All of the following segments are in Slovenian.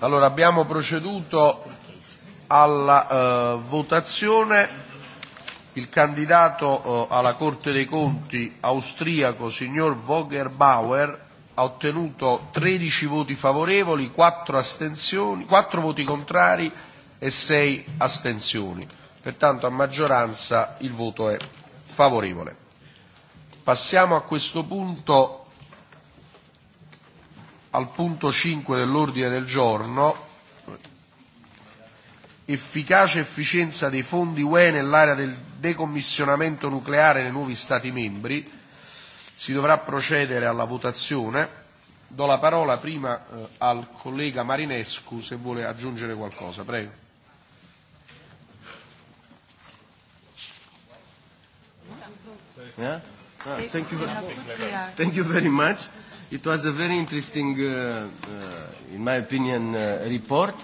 Allora abbiamo proceduto alla eh, votazione. Il candidato eh, alla Corte dei Conti austriaco, signor Vogerbauer, ha ottenuto 13 voti favorevoli, 4, astensioni, 4 voti contrari e 6 astensioni. Pertanto a maggioranza il voto è favorevole. Passiamo a questo punto al punto 5 dell'ordine del giorno, efficace efficienza dei fondi UE nell'area del decommissionamento nucleare nei nuovi Stati membri, si dovrà procedere alla votazione. Do la parola prima eh, al collega Marinescu se vuole aggiungere qualcosa. Prego. Yeah? Ah, thank, you. thank you very much it was a very interesting, uh, uh, in my opinion, uh, report.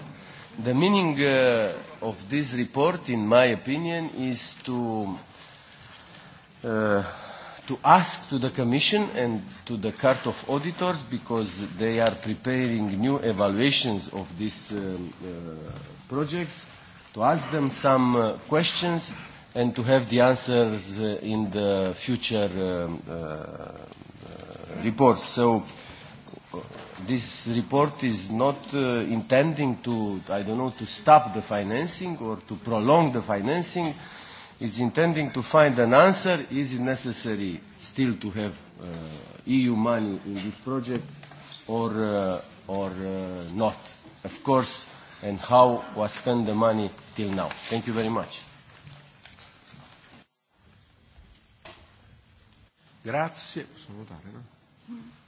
The meaning uh, of this report, in my opinion, is to, uh, to ask to the Commission and to the Court of Auditors, because they are preparing new evaluations of these um, uh, projects, to ask them some uh, questions and to have the answers uh, in the future um, uh, report. So uh, this report is not uh, intending to, I don't know, to stop the financing or to prolong the financing. It's intending to find an answer. Is it necessary still to have uh, EU money in this project or, uh, or uh, not? Of course, and how was spent the money till now. Thank you very much. Grazie. Posso votare, no?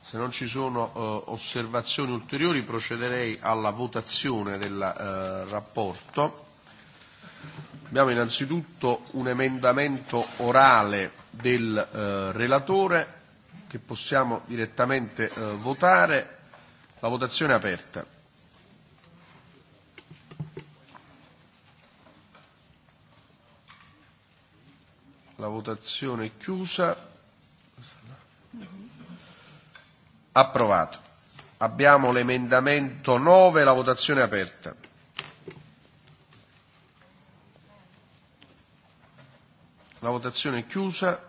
Se non ci sono eh, osservazioni ulteriori procederei alla votazione del eh, rapporto. Abbiamo innanzitutto un emendamento orale del eh, relatore che possiamo direttamente eh, votare. La votazione è aperta. La votazione è chiusa. approvato. Abbiamo l'emendamento 9, la votazione è aperta. La votazione è chiusa.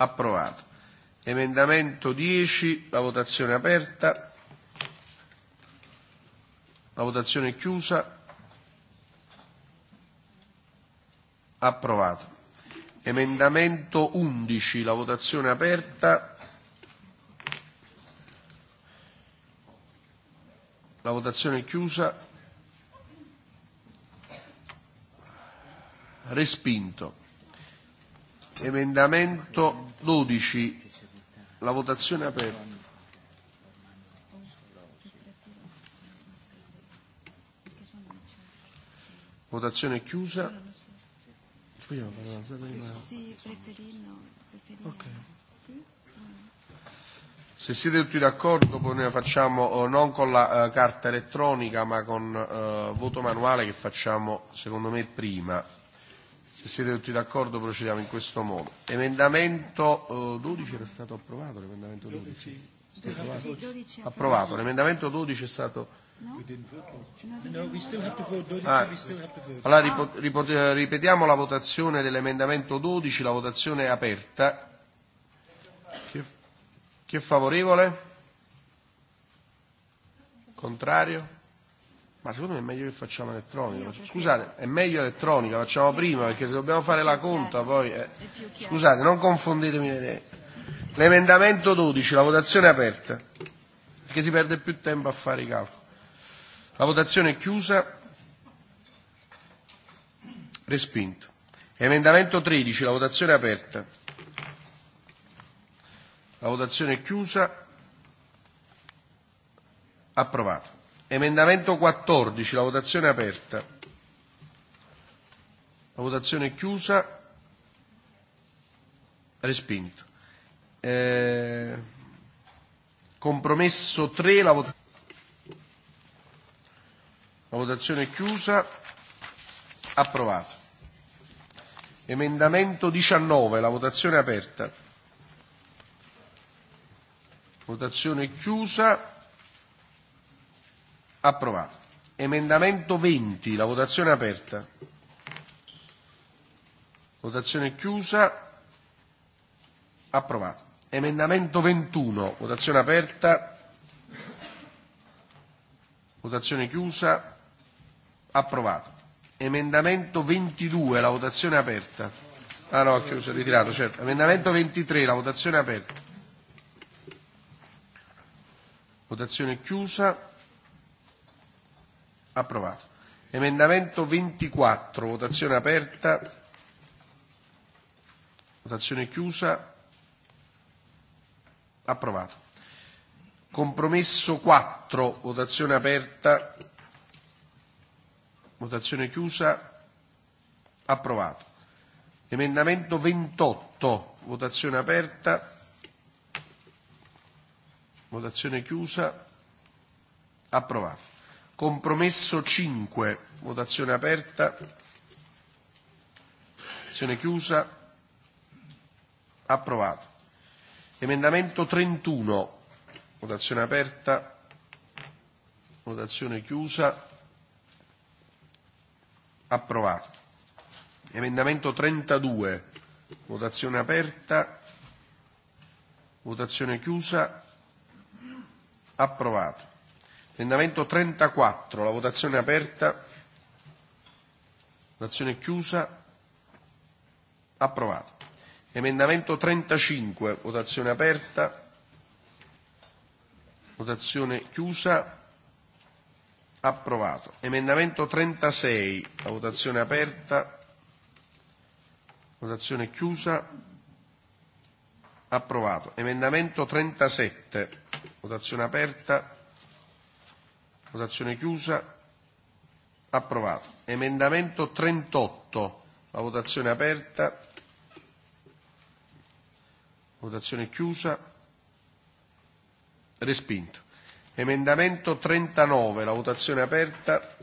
Approvato. Emendamento 10, la votazione è aperta. La votazione è chiusa. Approvato. Emendamento 11, la votazione è aperta. La votazione è chiusa. Respinto. Emendamento 12. La votazione è aperta. Votazione è chiusa. Sì, sì, preferino, preferino. Okay. Sì? Se siete tutti d'accordo, poi noi la facciamo eh, non con la eh, carta elettronica, ma con eh, voto manuale che facciamo, secondo me, prima. Se siete tutti d'accordo, procediamo in questo modo. Emendamento eh, 12 era stato approvato, l'emendamento 12. 12. 12. 12. Approvato. 12. approvato, l'emendamento 12 è stato... No? No, no, ah, allora eh, ripetiamo la votazione dell'emendamento 12, la votazione è aperta. Che... Chi è favorevole? Contrario? Ma secondo me è meglio che facciamo elettronica. Scusate, è meglio elettronica, facciamo prima perché se dobbiamo fare la conta poi... Eh, è... Scusate, non confondetemi le idee. L'emendamento 12, la votazione è aperta, perché si perde più tempo a fare i calcoli. La votazione è chiusa. Respinto. Emendamento 13, la votazione è aperta. La votazione è chiusa. Approvato. Emendamento 14. La votazione è aperta. La votazione è chiusa. Respinto. Eh, compromesso 3. La, vo- la votazione è chiusa. Approvato. Emendamento 19. La votazione è aperta. Votazione chiusa. Approvato. Emendamento 20, la votazione è aperta. Votazione chiusa. Approvato. Emendamento 21, votazione aperta. Votazione chiusa. Approvato. Emendamento 22, la votazione è aperta. Ah no, chiuso, ritirato, certo. Emendamento 23, la votazione è aperta. Votazione chiusa. Approvato. Emendamento 24. Votazione aperta. Votazione chiusa. Approvato. Compromesso 4. Votazione aperta. Votazione chiusa. Approvato. Emendamento 28. Votazione aperta votazione chiusa, approvato. Compromesso 5, votazione aperta, votazione chiusa, approvato. Emendamento 31, votazione aperta, votazione chiusa, approvato. Emendamento 32, votazione aperta, votazione chiusa, approvato approvato. Emendamento 34, la votazione è aperta. Votazione chiusa. Approvato. Emendamento 35, votazione aperta. Votazione chiusa. Approvato. Emendamento 36, la votazione è aperta. Votazione chiusa. Approvato. Emendamento 37. Votazione aperta. Votazione chiusa. Approvato. Emendamento 38. La votazione aperta. Votazione chiusa. Respinto. Emendamento 39. La votazione aperta.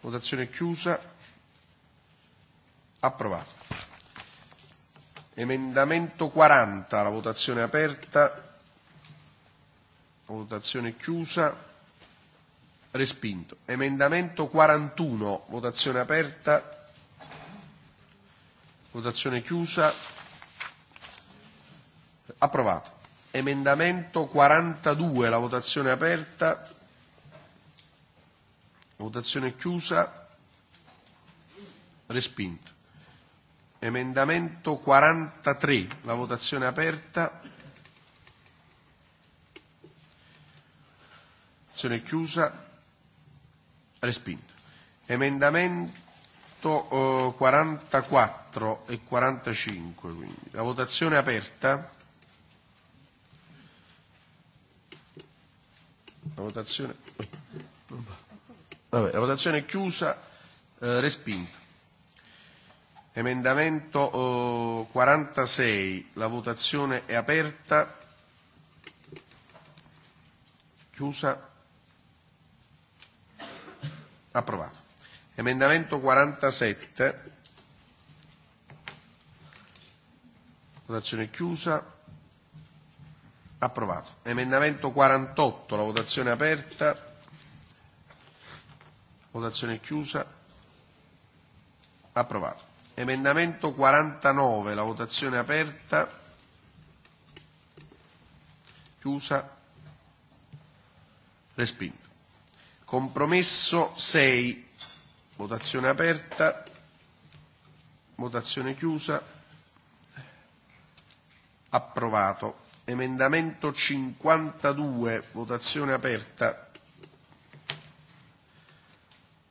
Votazione chiusa. Approvato. Emendamento 40, la votazione è aperta, votazione chiusa, respinto. Emendamento 41, votazione aperta, votazione chiusa, approvato. Emendamento 42, la votazione è aperta, votazione chiusa, respinto. Emendamento 43, la votazione aperta. Votazione chiusa. Respinto. Emendamento eh, 44 e 45, quindi. La votazione aperta. La votazione, Vabbè, la votazione è chiusa, eh, respinto. Emendamento eh, 46, la votazione è aperta. Chiusa. Approvato. Emendamento 47. Votazione chiusa. Approvato. Emendamento 48, la votazione aperta. Votazione chiusa. Approvato. Emendamento 49, la votazione aperta. Chiusa. Respinto. Compromesso 6, votazione aperta. Votazione chiusa. Approvato. Emendamento 52, votazione aperta.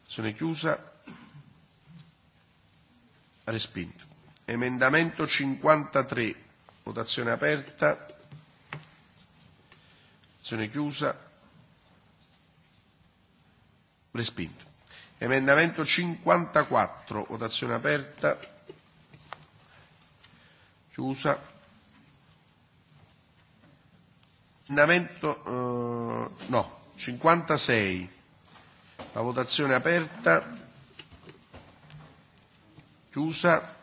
Votazione chiusa respinto. Emendamento 53, votazione aperta, votazione chiusa, respinto. Emendamento 54, votazione aperta, chiusa. Emendamento eh, no, 56, la votazione aperta, chiusa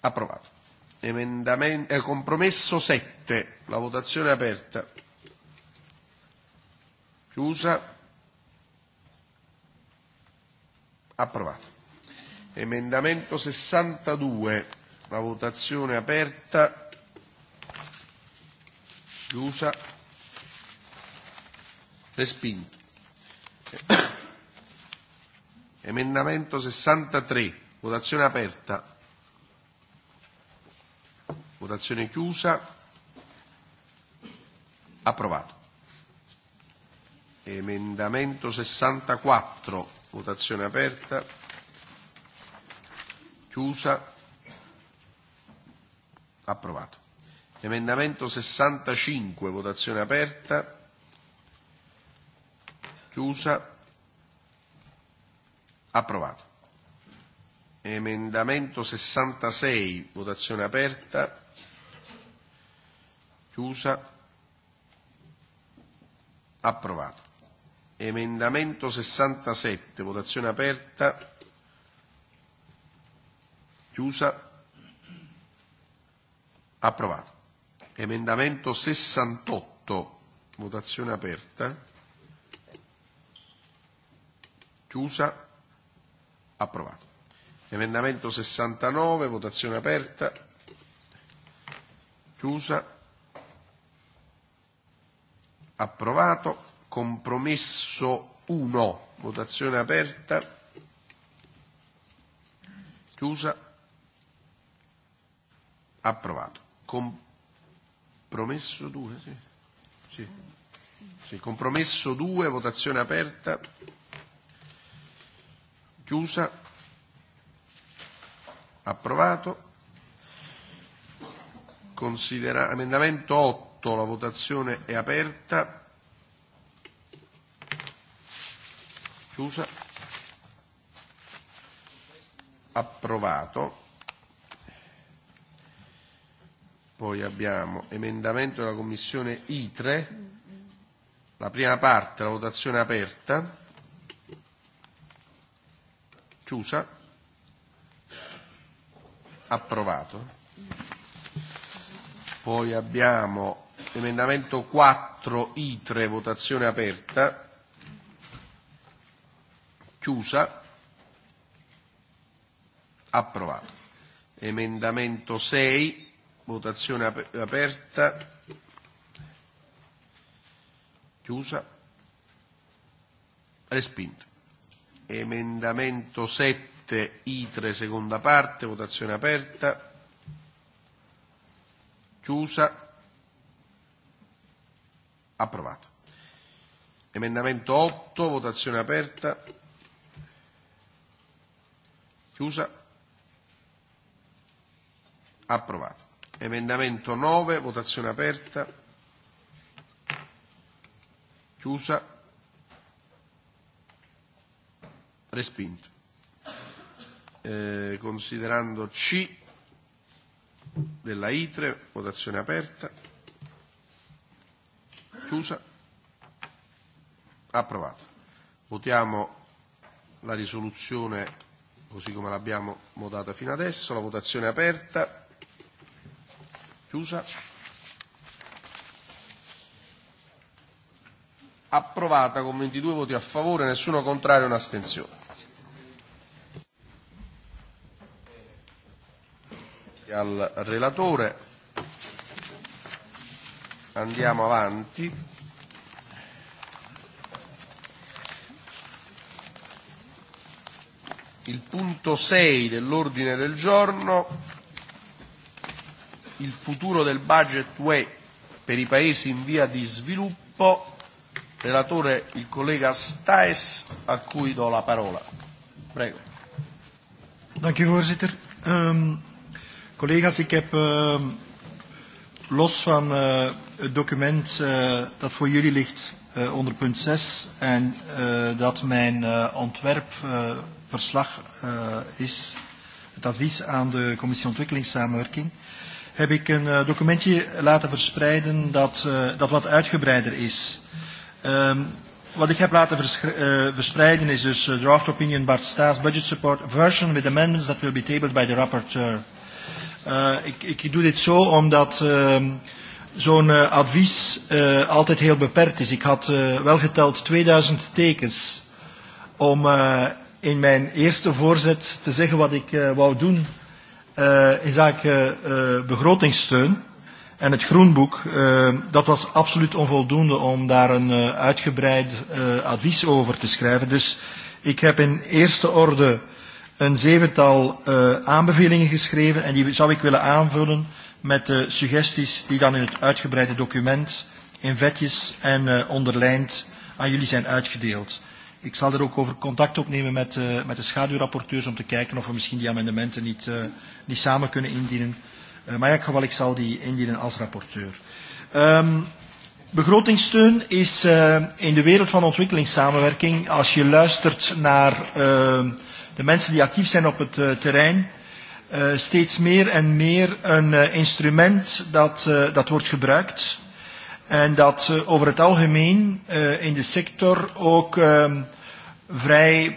approvato Emendamento, eh, compromesso 7 la votazione è aperta chiusa approvato emendamento 62 la votazione è aperta chiusa respinto Emendamento 63, votazione aperta. Votazione chiusa. Approvato. Emendamento 64, votazione aperta. Chiusa. Approvato. Emendamento 65, votazione aperta. Chiusa. Approvato. Approvato. Emendamento 66, votazione aperta. Chiusa. Approvato. Emendamento 67, votazione aperta. Chiusa. Approvato. Emendamento 68, votazione aperta. Chiusa. Approvato approvato. Emendamento 69, votazione aperta, chiusa, approvato, compromesso 1, votazione aperta, chiusa, approvato, compromesso 2, sì. Sì. Sì. Sì. compromesso 2, votazione aperta, chiusa, approvato, Considera... emendamento 8, la votazione è aperta, chiusa, approvato, poi abbiamo emendamento della commissione ITRE, la prima parte, la votazione è aperta, Ciusa. Approvato. Poi abbiamo emendamento 4 ITRE, votazione aperta. Chiusa. Approvato. Emendamento 6, votazione ap- aperta. Chiusa. Respinto emendamento 7 i 3 seconda parte votazione aperta chiusa approvato emendamento 8 votazione aperta chiusa approvato emendamento 9 votazione aperta chiusa approvato. respinto. Eh, considerando C della ITRE, votazione aperta, chiusa, approvato. Votiamo la risoluzione così come l'abbiamo votata fino adesso, la votazione aperta, chiusa, approvata con 22 voti a favore, nessuno contrario, un'astensione. al relatore. Andiamo avanti. Il punto 6 dell'ordine del giorno, il futuro del budget UE per i paesi in via di sviluppo, relatore il collega Staes, a cui do la parola. Prego. Grazie, um, ehm, Collega's, ik heb uh, los van uh, het document uh, dat voor jullie ligt uh, onder punt 6 en uh, dat mijn uh, ontwerpverslag uh, uh, is, het advies aan de commissie ontwikkelingssamenwerking, heb ik een uh, documentje laten verspreiden dat, uh, dat wat uitgebreider is. Um, wat ik heb laten vers uh, verspreiden is dus uh, draft opinion Bart Staes budget support version with amendments that will be tabled by the rapporteur. Uh, Uh, ik, ik doe dit zo omdat uh, zo'n uh, advies uh, altijd heel beperkt is. Ik had uh, wel geteld 2000 tekens om uh, in mijn eerste voorzet te zeggen wat ik uh, wou doen uh, in zaak uh, uh, begrotingssteun. En het groenboek, uh, dat was absoluut onvoldoende om daar een uh, uitgebreid uh, advies over te schrijven. Dus ik heb in eerste orde uh, een zevental uh, aanbevelingen geschreven en die zou ik willen aanvullen met de suggesties die dan in het uitgebreide document in vetjes en uh, onderlijnd aan jullie zijn uitgedeeld. Ik zal er ook over contact opnemen met, uh, met de schaduwrapporteurs om te kijken of we misschien die amendementen niet, uh, niet samen kunnen indienen. Uh, maar in elk geval, ik zal die indienen als rapporteur. Um, begrotingssteun is uh, in de wereld van ontwikkelingssamenwerking, als je luistert naar... Uh, de mensen die actief zijn op het uh, terrein, uh, steeds meer en meer een uh, instrument dat, uh, dat wordt gebruikt. En dat uh, over het algemeen uh, in de sector ook uh, vrij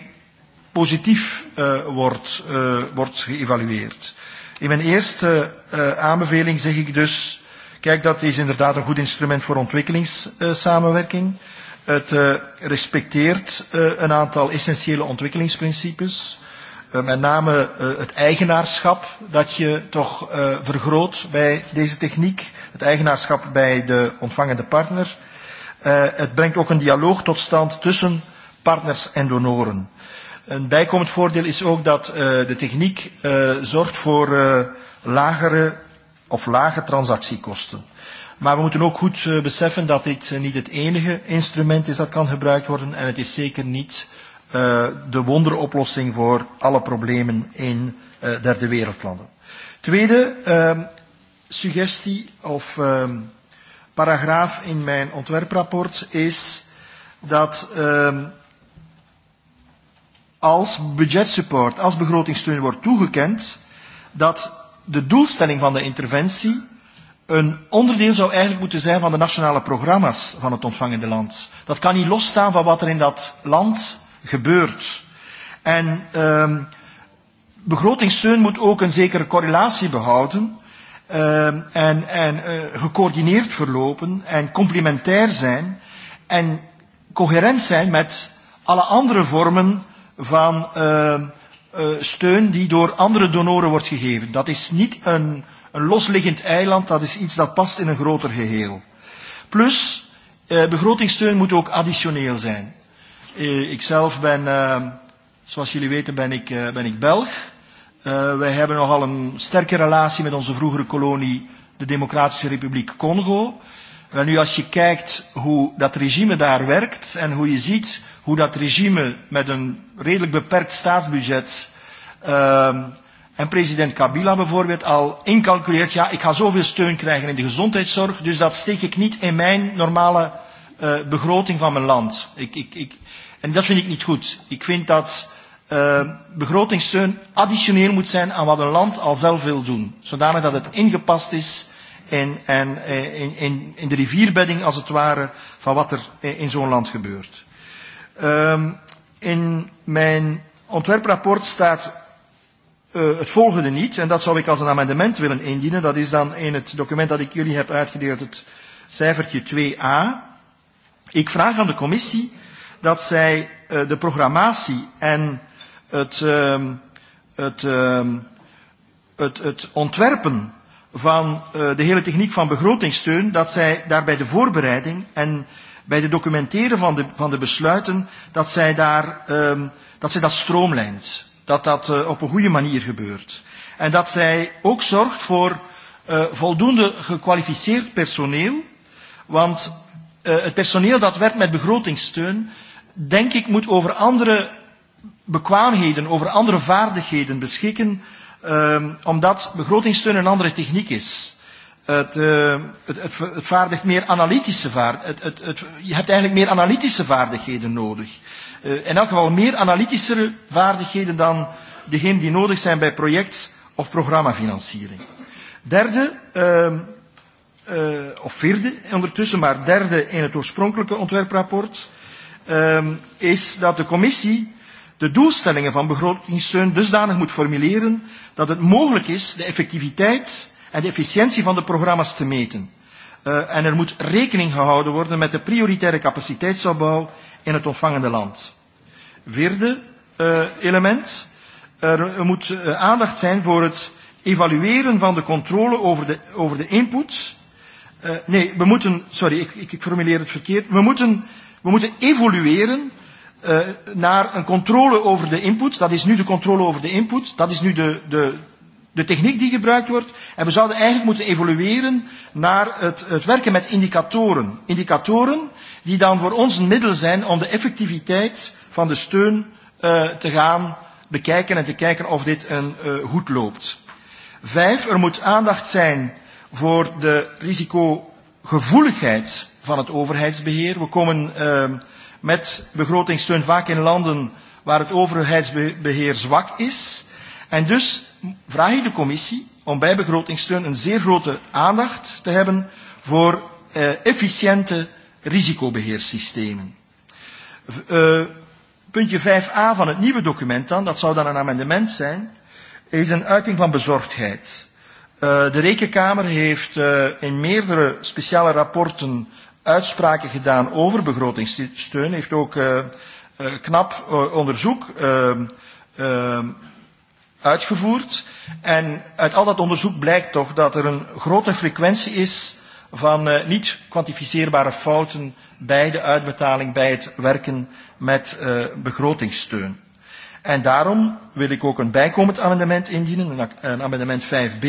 positief uh, wordt, uh, wordt geëvalueerd. In mijn eerste uh, aanbeveling zeg ik dus, kijk dat is inderdaad een goed instrument voor ontwikkelingssamenwerking. Uh, Het uh, respecteert uh, een aantal essentiële ontwikkelingsprincipes. Uh, met name uh, het eigenaarschap dat je toch uh, vergroot bij deze techniek. Het eigenaarschap bij de ontvangende partner. Uh, het brengt ook een dialoog tot stand tussen partners en donoren. Een bijkomend voordeel is ook dat uh, de techniek uh, zorgt voor uh, lagere of lage transactiekosten. Maar we moeten ook goed uh, beseffen dat dit uh, niet het enige instrument is dat kan gebruikt worden en het is zeker niet uh, de wonderoplossing voor alle problemen in uh, derde wereldlanden. Tweede uh, suggestie of uh, paragraaf in mijn ontwerprapport is dat uh, als budgetsupport, als begrotingssteun wordt toegekend, dat de doelstelling van de interventie een onderdeel zou eigenlijk moeten zijn van de nationale programma's van het ontvangende land. Dat kan niet losstaan van wat er in dat land gebeurt. En um, begrotingssteun moet ook een zekere correlatie behouden um, en, en uh, gecoördineerd verlopen en complementair zijn en coherent zijn met alle andere vormen van uh, uh, steun die door andere donoren wordt gegeven. Dat is niet een. Een losliggend eiland, dat is iets dat past in een groter geheel. Plus, eh, begrotingssteun moet ook additioneel zijn. Eh, ikzelf ben, eh, zoals jullie weten, ben ik, eh, ben ik Belg. Eh, wij hebben nogal een sterke relatie met onze vroegere kolonie, de Democratische Republiek Congo. Wel nu, als je kijkt hoe dat regime daar werkt en hoe je ziet hoe dat regime met een redelijk beperkt staatsbudget eh, En president Kabila bijvoorbeeld al incalculeert, ja, ik ga zoveel steun krijgen in de gezondheidszorg, dus dat steek ik niet in mijn normale uh, begroting van mijn land. Ik, ik, ik, en dat vind ik niet goed. Ik vind dat uh, begrotingssteun additioneel moet zijn aan wat een land al zelf wil doen, zodanig dat het ingepast is in, in, eh, in, in, in de rivierbedding, als het ware, van wat er in zo'n land gebeurt. Uh, in mijn ontwerprapport staat Eh, het volgende niet, en dat zou ik als een amendement willen indienen. Dat is dan in het document dat ik jullie heb uitgedeeld, het cijfertje 2a. Ik vraag aan de commissie dat zij uh, de programmatie en het, um, het, um, het, het ontwerpen van uh, de hele techniek van begrotingssteun, dat zij daarbij de voorbereiding en bij de documenteren van de, van de besluiten, dat zij, daar, um, dat zij dat stroomlijnt dat dat uh, op een goede manier gebeurt. En dat zij ook zorgt voor uh, voldoende gekwalificeerd personeel, want uh, het personeel dat werkt met begrotingssteun, denk ik, moet over andere bekwaamheden, over andere vaardigheden beschikken, uh, omdat begrotingssteun een andere techniek is. Het, uh, het, het, het vaardigt meer analytische vaardigheden. Je hebt eigenlijk meer analytische vaardigheden nodig. Uh, uh, in elk geval meer analytische vaardigheden dan degene die nodig zijn bij project- of programmafinanciering. Derde, uh, uh, of vierde ondertussen, maar derde in het oorspronkelijke ontwerprapport, uh, is dat de commissie de doelstellingen van begrotingssteun dusdanig moet formuleren dat het mogelijk is de effectiviteit en de efficiëntie van de programma's te meten. Uh, en er moet rekening gehouden worden met de prioritaire capaciteitsopbouw in het ontvangende land. Vierde uh, element. Er, er moet uh, aandacht zijn voor het evalueren van de controle over de, over de input. Uh, nee, we moeten, sorry, ik, ik, ik formuleer het verkeerd. We moeten, we moeten evolueren uh, naar een controle over de input. Dat is nu de controle over de input. Dat is nu de, de, de techniek die gebruikt wordt. En we zouden eigenlijk moeten evolueren naar het, het werken met indicatoren. Indicatoren die dan voor ons een middel zijn om de effectiviteit van de steun uh, te gaan bekijken en te kijken of dit een, uh, goed loopt. Vijf, er moet aandacht zijn voor de risicogevoeligheid van het overheidsbeheer. We komen uh, met begrotingssteun vaak in landen waar het overheidsbeheer zwak is. En dus vraag ik de commissie om bij begrotingssteun een zeer grote aandacht te hebben voor uh, efficiënte risicobeheerssystemen. Uh, eh, puntje 5a van het nieuwe document dan, dat zou dan een amendement zijn, is een uiting van bezorgdheid. Uh, de Rekenkamer heeft uh, in meerdere speciale rapporten uitspraken gedaan over begrotingssteun, heeft ook uh, uh, knap uh, onderzoek uh, uh, uitgevoerd. En uit al dat onderzoek blijkt toch dat er een grote frequentie is uh, van uh, niet kwantificeerbare fouten bij de uitbetaling, bij het werken met uh, begrotingssteun. En daarom wil ik ook een bijkomend amendement indienen, een, een amendement 5b,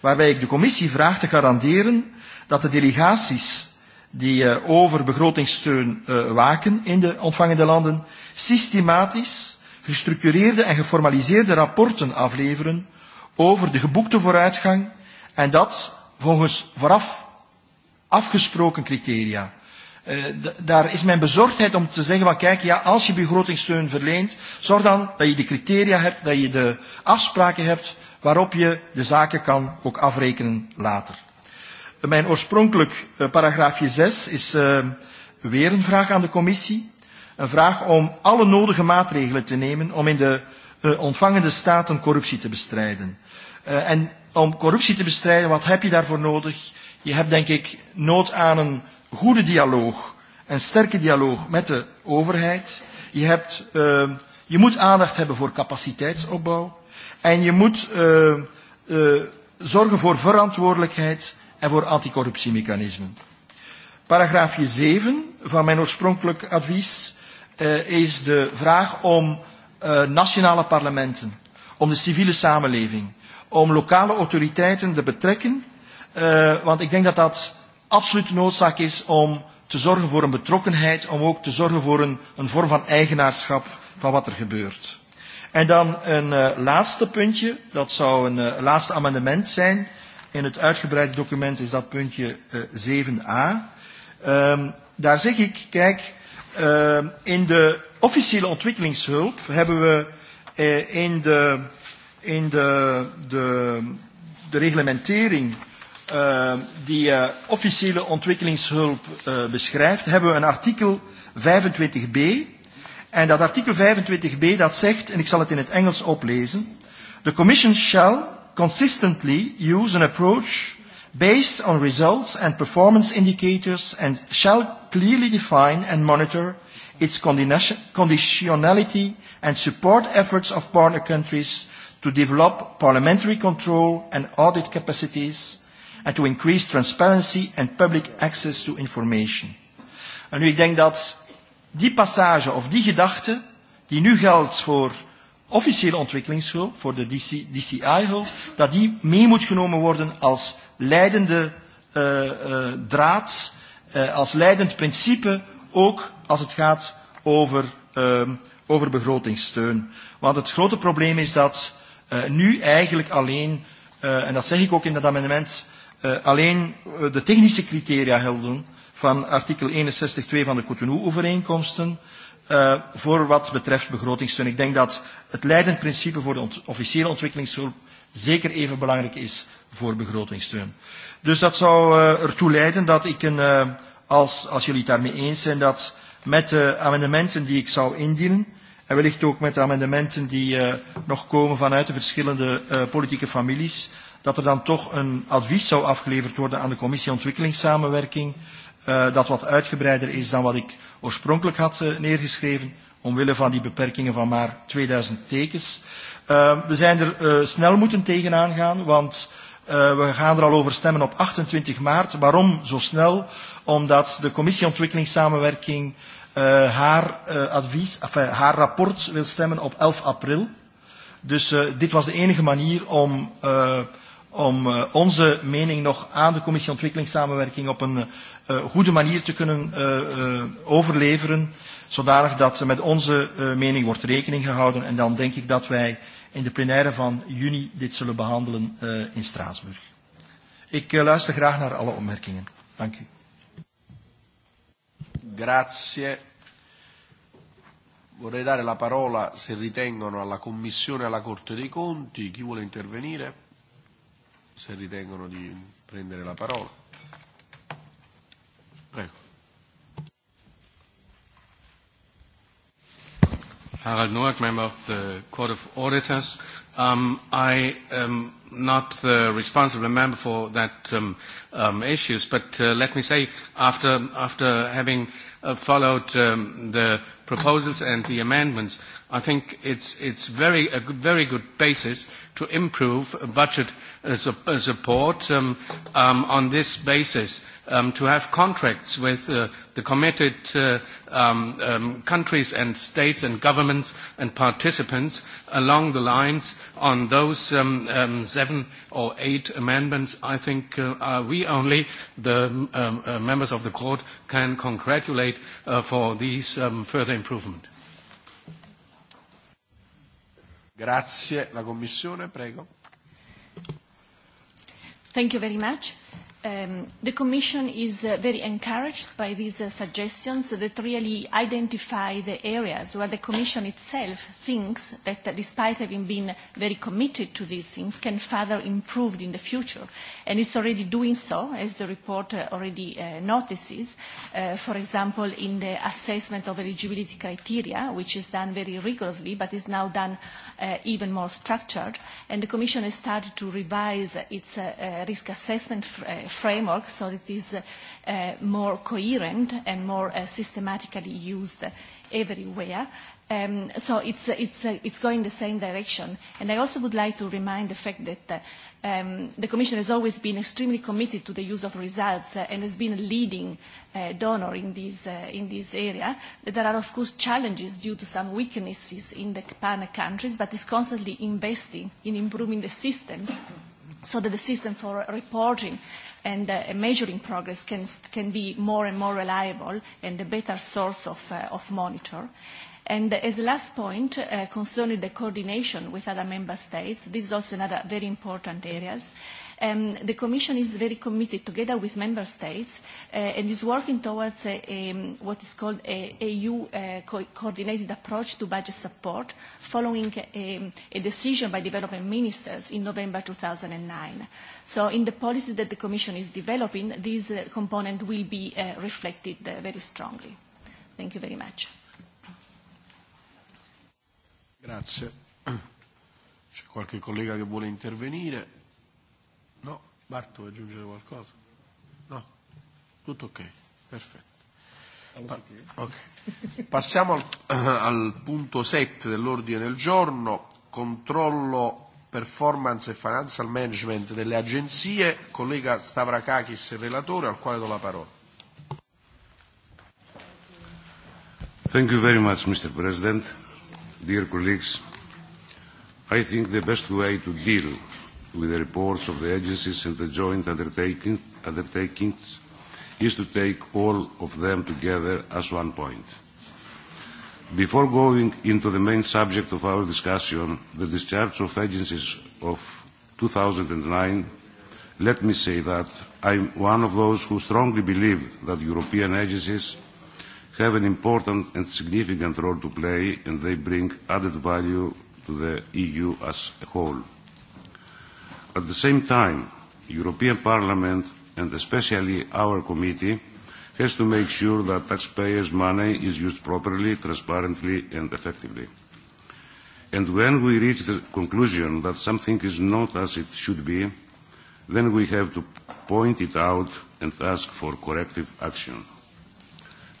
waarbij ik de commissie vraag te garanderen dat de delegaties die uh, over begrotingssteun uh, waken in de ontvangende landen, systematisch gestructureerde en geformaliseerde rapporten afleveren over de geboekte vooruitgang en dat volgens vooraf afgesproken criteria. Uh, daar is mijn bezorgdheid om te zeggen van kijk, ja, als je begrotingssteun verleent, zorg dan dat je de criteria hebt, dat je de afspraken hebt waarop je de zaken kan ook afrekenen later. Uh, mijn oorspronkelijk uh, paragraafje 6 is uh, weer een vraag aan de commissie. Een vraag om alle nodige maatregelen te nemen om in de uh, ontvangende staten corruptie te bestrijden. Uh, en om corruptie te bestrijden, wat heb je daarvoor nodig? Uh, Je hebt denk ik nood aan een goede dialoog, een sterke dialoog met de overheid. Je, hebt, uh, je moet aandacht hebben voor capaciteitsopbouw. En je moet uh, uh, zorgen voor verantwoordelijkheid en voor anticorruptiemechanismen. Paragraafje 7 van mijn oorspronkelijk advies uh, is de vraag om uh, nationale parlementen, om de civiele samenleving, om lokale autoriteiten te betrekken Uh, want ik denk dat dat absoluut noodzaak is om te zorgen voor een betrokkenheid, om ook te zorgen voor een, een vorm van eigenaarschap van wat er gebeurt. En dan een uh, laatste puntje, dat zou een uh, laatste amendement zijn. In het uitgebreide document is dat puntje uh, 7a. Um, daar zeg ik, kijk, um, in de officiële ontwikkelingshulp hebben we uh, in, de, in de, de, de reglementering uh, die uh, officiële ontwikkelingshulp uh, beschrijft, hebben we een artikel 25b. En dat artikel 25b dat zegt, en ik zal het in het Engels oplezen, The Commission shall consistently use an approach based on results and performance indicators and shall clearly define and monitor its conditionality and support efforts of partner countries to develop parliamentary control and audit capacities en to increase transparency and public access to information. En nu, ik denk dat die passage of die gedachte, die nu geldt voor officiële ontwikkelingshulp, voor de DC, DCI-hulp, dat die mee moet genomen worden als leidende uh, uh, draad, uh, als leidend principe, ook als het gaat over, uh, over begrotingssteun. Want het grote probleem is dat uh, nu eigenlijk alleen, uh, en dat zeg ik ook in dat amendement, uh, Uh, alleen uh, de technische criteria gelden van artikel 61.2 van de Cotonou-overeenkomsten uh, voor wat betreft begrotingssteun. Ik denk dat het leidend principe voor de ont officiële ontwikkelingshulp zeker even belangrijk is voor begrotingssteun. Dus dat zou uh, ertoe leiden dat ik, een, uh, als, als jullie het daarmee eens zijn, dat met de amendementen die ik zou indienen, en wellicht ook met de amendementen die uh, nog komen vanuit de verschillende uh, politieke families, uh, dat er dan toch een advies zou afgeleverd worden aan de commissie ontwikkelingssamenwerking, uh, dat wat uitgebreider is dan wat ik oorspronkelijk had uh, neergeschreven, omwille van die beperkingen van maar 2000 tekens. Uh, we zijn er uh, snel moeten tegenaan gaan, want uh, we gaan er al over stemmen op 28 maart. Waarom zo snel? Omdat de commissie ontwikkelingssamenwerking uh, haar, uh, advies, enfin, haar rapport wil stemmen op 11 april. Dus uh, dit was de enige manier om uh, om uh, onze mening nog aan de Commissie Ontwikkelingssamenwerking op een uh, goede manier te kunnen uh, uh, overleveren, zodanig dat uh, met onze uh, mening wordt rekening gehouden. En dan denk ik dat wij in de plenaire van juni dit zullen behandelen uh, in Straatsburg. Ik uh, luister graag naar alle opmerkingen. Dank u. Grazie. Vorrei dare la parola, se ritengono, alla Commissione e alla Corte dei Conti. Chi vuole intervenire? se ritengono di prendere la parola. Prego. Harald Noack, member of the Court of Auditors. Um, I am not the uh, responsible member for that um, um, issues, but uh, let me say, after, after having uh, followed um, the proposals and the amendments, uh, I think it's, it's very, a very good basis to improve budget uh, uh, support um, um, on this basis, um, to have contracts with uh, the committed uh, um, um, countries and states and governments and participants along the lines on those um, um, seven or eight amendments. I think uh, uh, we only, the um, uh, members of the court, can congratulate uh, for these um, further improvements. Grazie. La Commissione, prego. Thank you very much. Um, the Commission is uh, very encouraged by these uh, suggestions that really identify the areas where the Commission itself thinks that uh, despite having been very committed to these things can further improve in the future. And it's already doing so, as the report uh, already uh, notices, uh, for example, in the assessment of eligibility criteria, which is done very rigorously but is now done Uh, even more structured. And the Commission has started to revise its uh, uh risk assessment f- uh, framework so it is uh, uh, more coherent and more uh, systematically used everywhere. Um, so it's, it's, uh, it's going the same direction. And I also would like to remind the fact that uh, um, the Commission has always been extremely committed to the use of results uh, and has been a leading uh, donor in this, uh, in this area. There are, of course, challenges due to some weaknesses in the PAN countries, but is constantly investing in improving the systems so that the system for reporting and uh, measuring progress can, can be more and more reliable and a better source of, uh, of monitoring. And as last point, uh, concerning the coordination with other member states, this is also another very important area. Um, the Commission is very committed, together with member states, uh, and is working towards a, a, what is called an EU uh, co coordinated approach to budget support, following a, a decision by development ministers in November 2009. So in the policies that the Commission is developing, this uh, component will be uh, reflected uh, very strongly. Thank you very much. Grazie. C'è qualche collega che vuole intervenire? No? Barto vuoi aggiungere qualcosa? No? Tutto ok? Perfetto. Pa- okay. Passiamo al, al punto 7 dell'ordine del giorno, controllo performance e financial management delle agenzie. Collega Stavrakakis, relatore, al quale do la parola. Thank you very much, Mr. President. Dear colleagues, I think the best way to deal with the reports of the agencies and the joint undertaking, undertakings is to take all of them together as one point. Before going into the main subject of our discussion, the discharge of agencies of 2009, let me say that I am one of those who strongly believe that European agencies have an important and significant role to play and they bring added value to the EU as a whole. At the same time, European Parliament and especially our committee has to make sure that taxpayers' money is used properly, transparently and effectively. And when we reach the conclusion that something is not as it should be, then we have to point it out and ask for corrective action.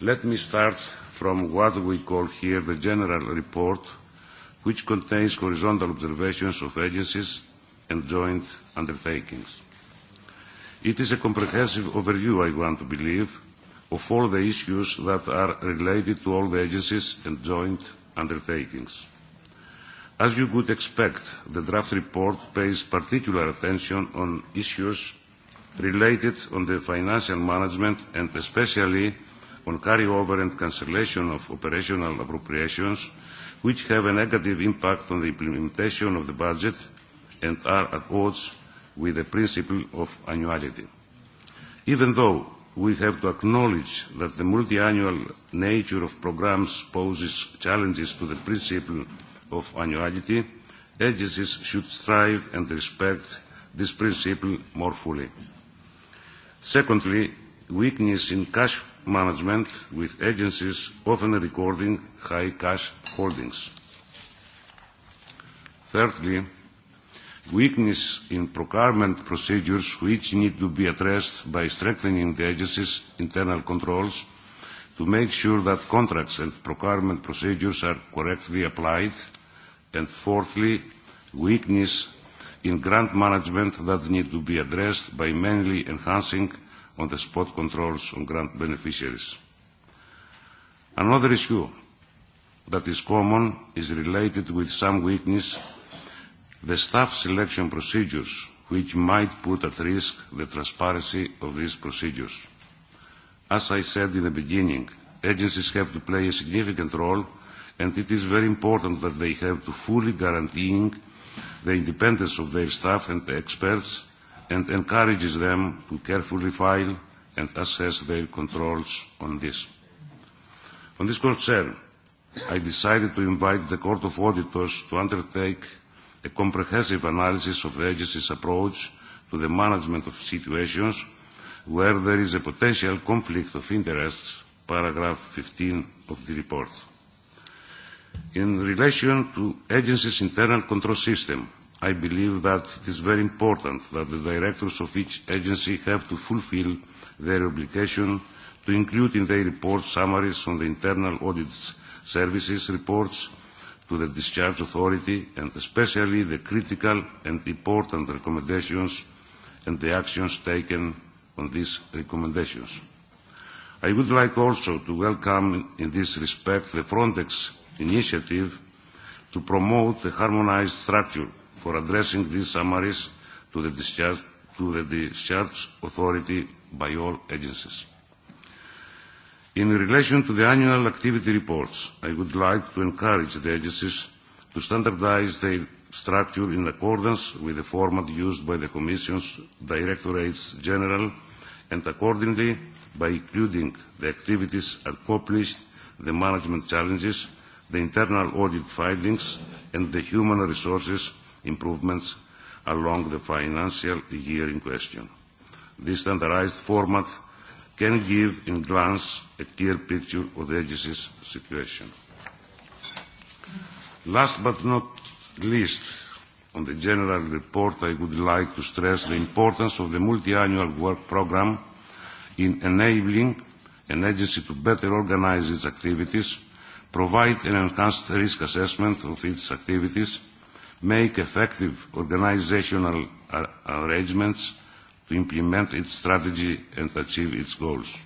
Let me start from what we call here the general report, which contains horizontal observations of agencies and joint undertakings. It is a comprehensive overview, I want to believe, of all the issues that are related to all the agencies and joint undertakings. As you would expect, the draft report pays particular attention on issues related on the financial management and especially on carryover and cancellation of operational appropriations, which have a negative impact on the implementation of the budget and are at odds with the principle of annuality. Even though we have to acknowledge that the multi-annual nature of programs poses challenges to the principle of annuality, agencies should strive and respect this principle more fully. Secondly, weakness in cash management with agencies often recording high cash holdings. Thirdly, weakness in procurement procedures which need to be addressed by strengthening the agency's internal controls to make sure that contracts and procurement procedures are correctly applied. And fourthly, weakness in grant management that need to be addressed by mainly enhancing on the spot controls on grant beneficiaries. Another issue that is common is related with some weakness the staff selection procedures which might put at risk the transparency of these procedures. As I said in the beginning, agencies have to play a significant role and it is very important that they have to fully guarantee the independence of their staff and the experts and encourages them to carefully file and assess their controls on this. On this concern, I decided to invite the Court of Auditors to undertake a comprehensive analysis of the agency's approach to the management of situations where there is a potential conflict of interests, paragraph 15 of the report. In relation to agency's internal control system, I believe that it is very important that the directors of each agency have to fulfill their obligation to include in their reports summaries on the internal audit services reports to the discharge authority and especially the critical and important recommendations and the actions taken on these recommendations. I would like also to welcome in this respect the Frontex initiative to promote a harmonized structure for addressing these summaries to the discharge, to the discharge authority by all agencies. In relation to the annual activity reports, I would like to encourage the agencies to standardize their structure in accordance with the format used by the Commission's Directorates General and accordingly by including the activities accomplished, the management challenges, the internal audit findings and the human resources improvements along the financial year in question. This standardized format can give in glance a clear picture of the agency's situation. Last but not least, on the general report, I would like to stress the importance of the multi-annual work program in enabling an agency to better organize its activities, provide an enhanced risk assessment of its activities, make effective organizational arrangements to implement its strategy and achieve its goals.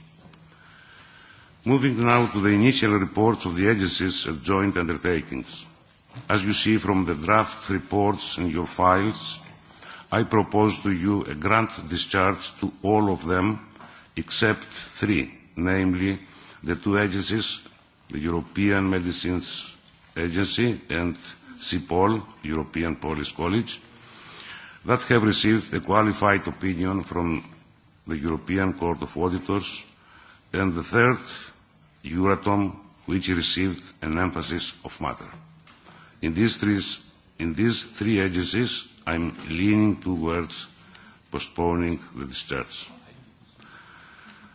Moving now to the initial reports of the agencies and joint undertakings. As you see from the draft reports in your files, I propose to you a grant discharge to all of them except three, namely the two agencies, the European Medicines Agency and the CPOL, European Police College, that have received a qualified opinion from the European Court of Auditors, and the third, Euratom, which received an emphasis of matter. In these three, in these three agencies, I'm leaning towards postponing the discharge.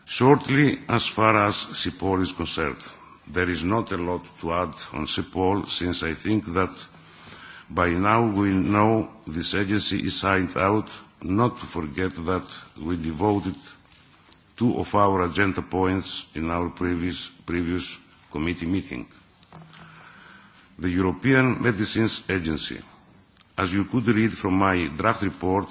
Shortly, as far as CIPOL is concerned, there is not a lot to add on CIPOL since I think that By now we know this agency is signed out, not to forget that we devoted two of our agenda points in our previous, previous committee meeting. The European Medicines Agency. As you could read from my draft report,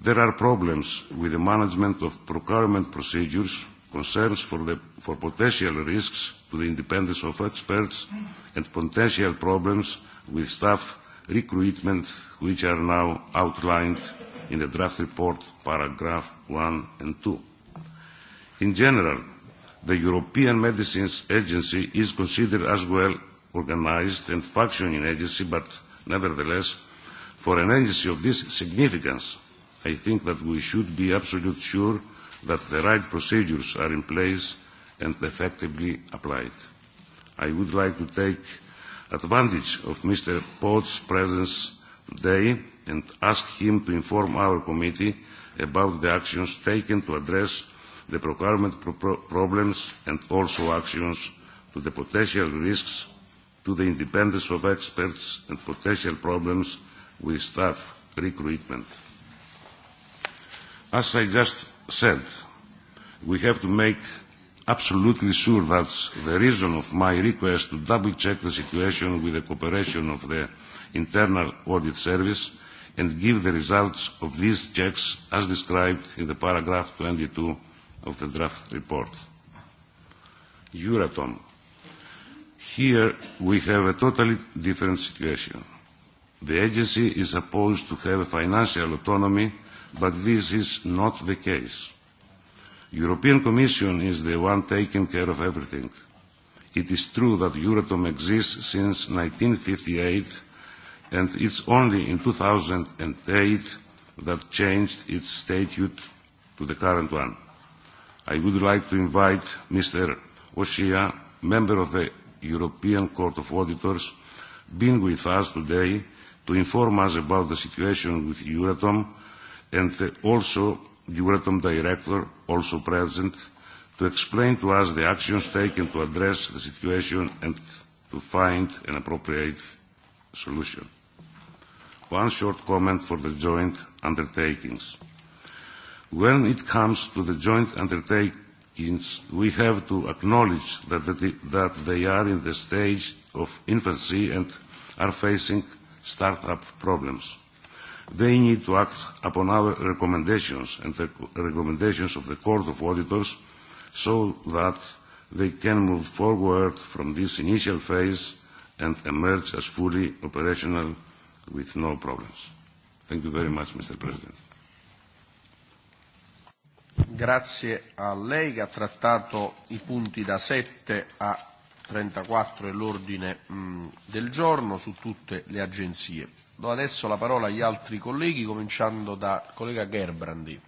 there are problems with the management of procurement procedures, concerns for, the, for potential risks to the independence of experts, and potential problems with staff recruitment which are now outlined in the draft report paragraph 1 and 2. In general, the European Medicines Agency is considered as well organized and functioning agency, but nevertheless, for an agency of this significance, I think that we should be absolutely sure that the right procedures are in place and effectively applied. I would like to take advantage of Mr. Pod's presence today and ask him to inform our committee about the actions taken to address the procurement pro problems and also actions to the potential risks to the independence of experts and potential problems with staff recruitment. As I just said, we have to make absolutely sure that's the reason of my request to double check the situation with the cooperation of the Internal Audit Service and give the results of these checks as described in the paragraph 22 of the draft report. Euratom. Here we have a totally different situation. The agency is supposed to have financial autonomy, but this is not the case. European Commission is the one taking care of everything. It is true that Euratom exists since 1958 and it's only in 2008 that changed its statute to the current one. I would like to invite Mr. Oshia, member of the European Court of Auditors, being with us today to inform us about the situation with Euratom and also Euratom director also present to explain to us the actions taken to address the situation and to find an appropriate solution. One short comment for the joint undertakings. When it comes to the joint undertakings, we have to acknowledge that, the, that they are in the stage of infancy and are facing startup problems they need to act upon our recommendations and the recommendations of the Court of Auditors so that they can move forward from this initial phase and emerge as fully operational with no problems. Thank you very much, Mr. President. Grazie a lei che ha trattato i punti da 7 a 34 dell'ordine mm, del giorno su tutte le agenzie. Do adesso la parola agli altri colleghi, cominciando da collega Gerbrandi.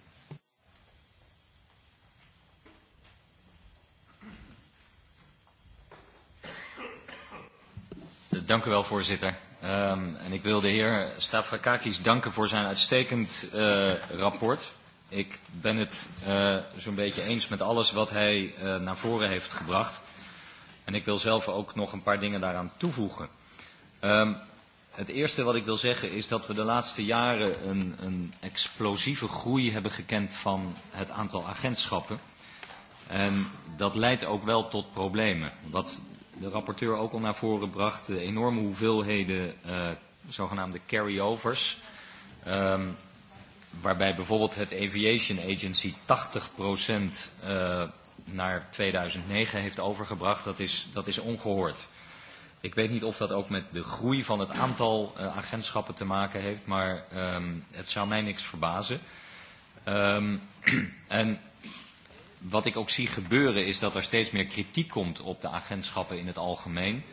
Dank u wel, voorzitter. Um, en ik wil de heer Stavrakakis danken voor zijn uitstekend uh, rapport. Ik ben het uh, zo'n beetje eens met alles wat hij uh, naar voren heeft gebracht. En ik wil zelf ook nog een paar dingen daaraan toevoegen. Um, Het eerste wat ik wil zeggen is dat we de laatste jaren een, een explosieve groei hebben gekend van het aantal agentschappen. En dat leidt ook wel tot problemen. Wat de rapporteur ook al naar voren bracht, de enorme hoeveelheden uh, zogenaamde carryovers. Um, waarbij bijvoorbeeld het Aviation Agency 80% uh, eh, naar 2009 heeft overgebracht. Dat is, dat is ongehoord. Ik weet niet of dat ook met de groei van het aantal uh, agentschappen te maken heeft, maar um, het zou mij niks verbazen. Um, en wat ik ook zie gebeuren is dat er steeds meer kritiek komt op de agentschappen in het algemeen.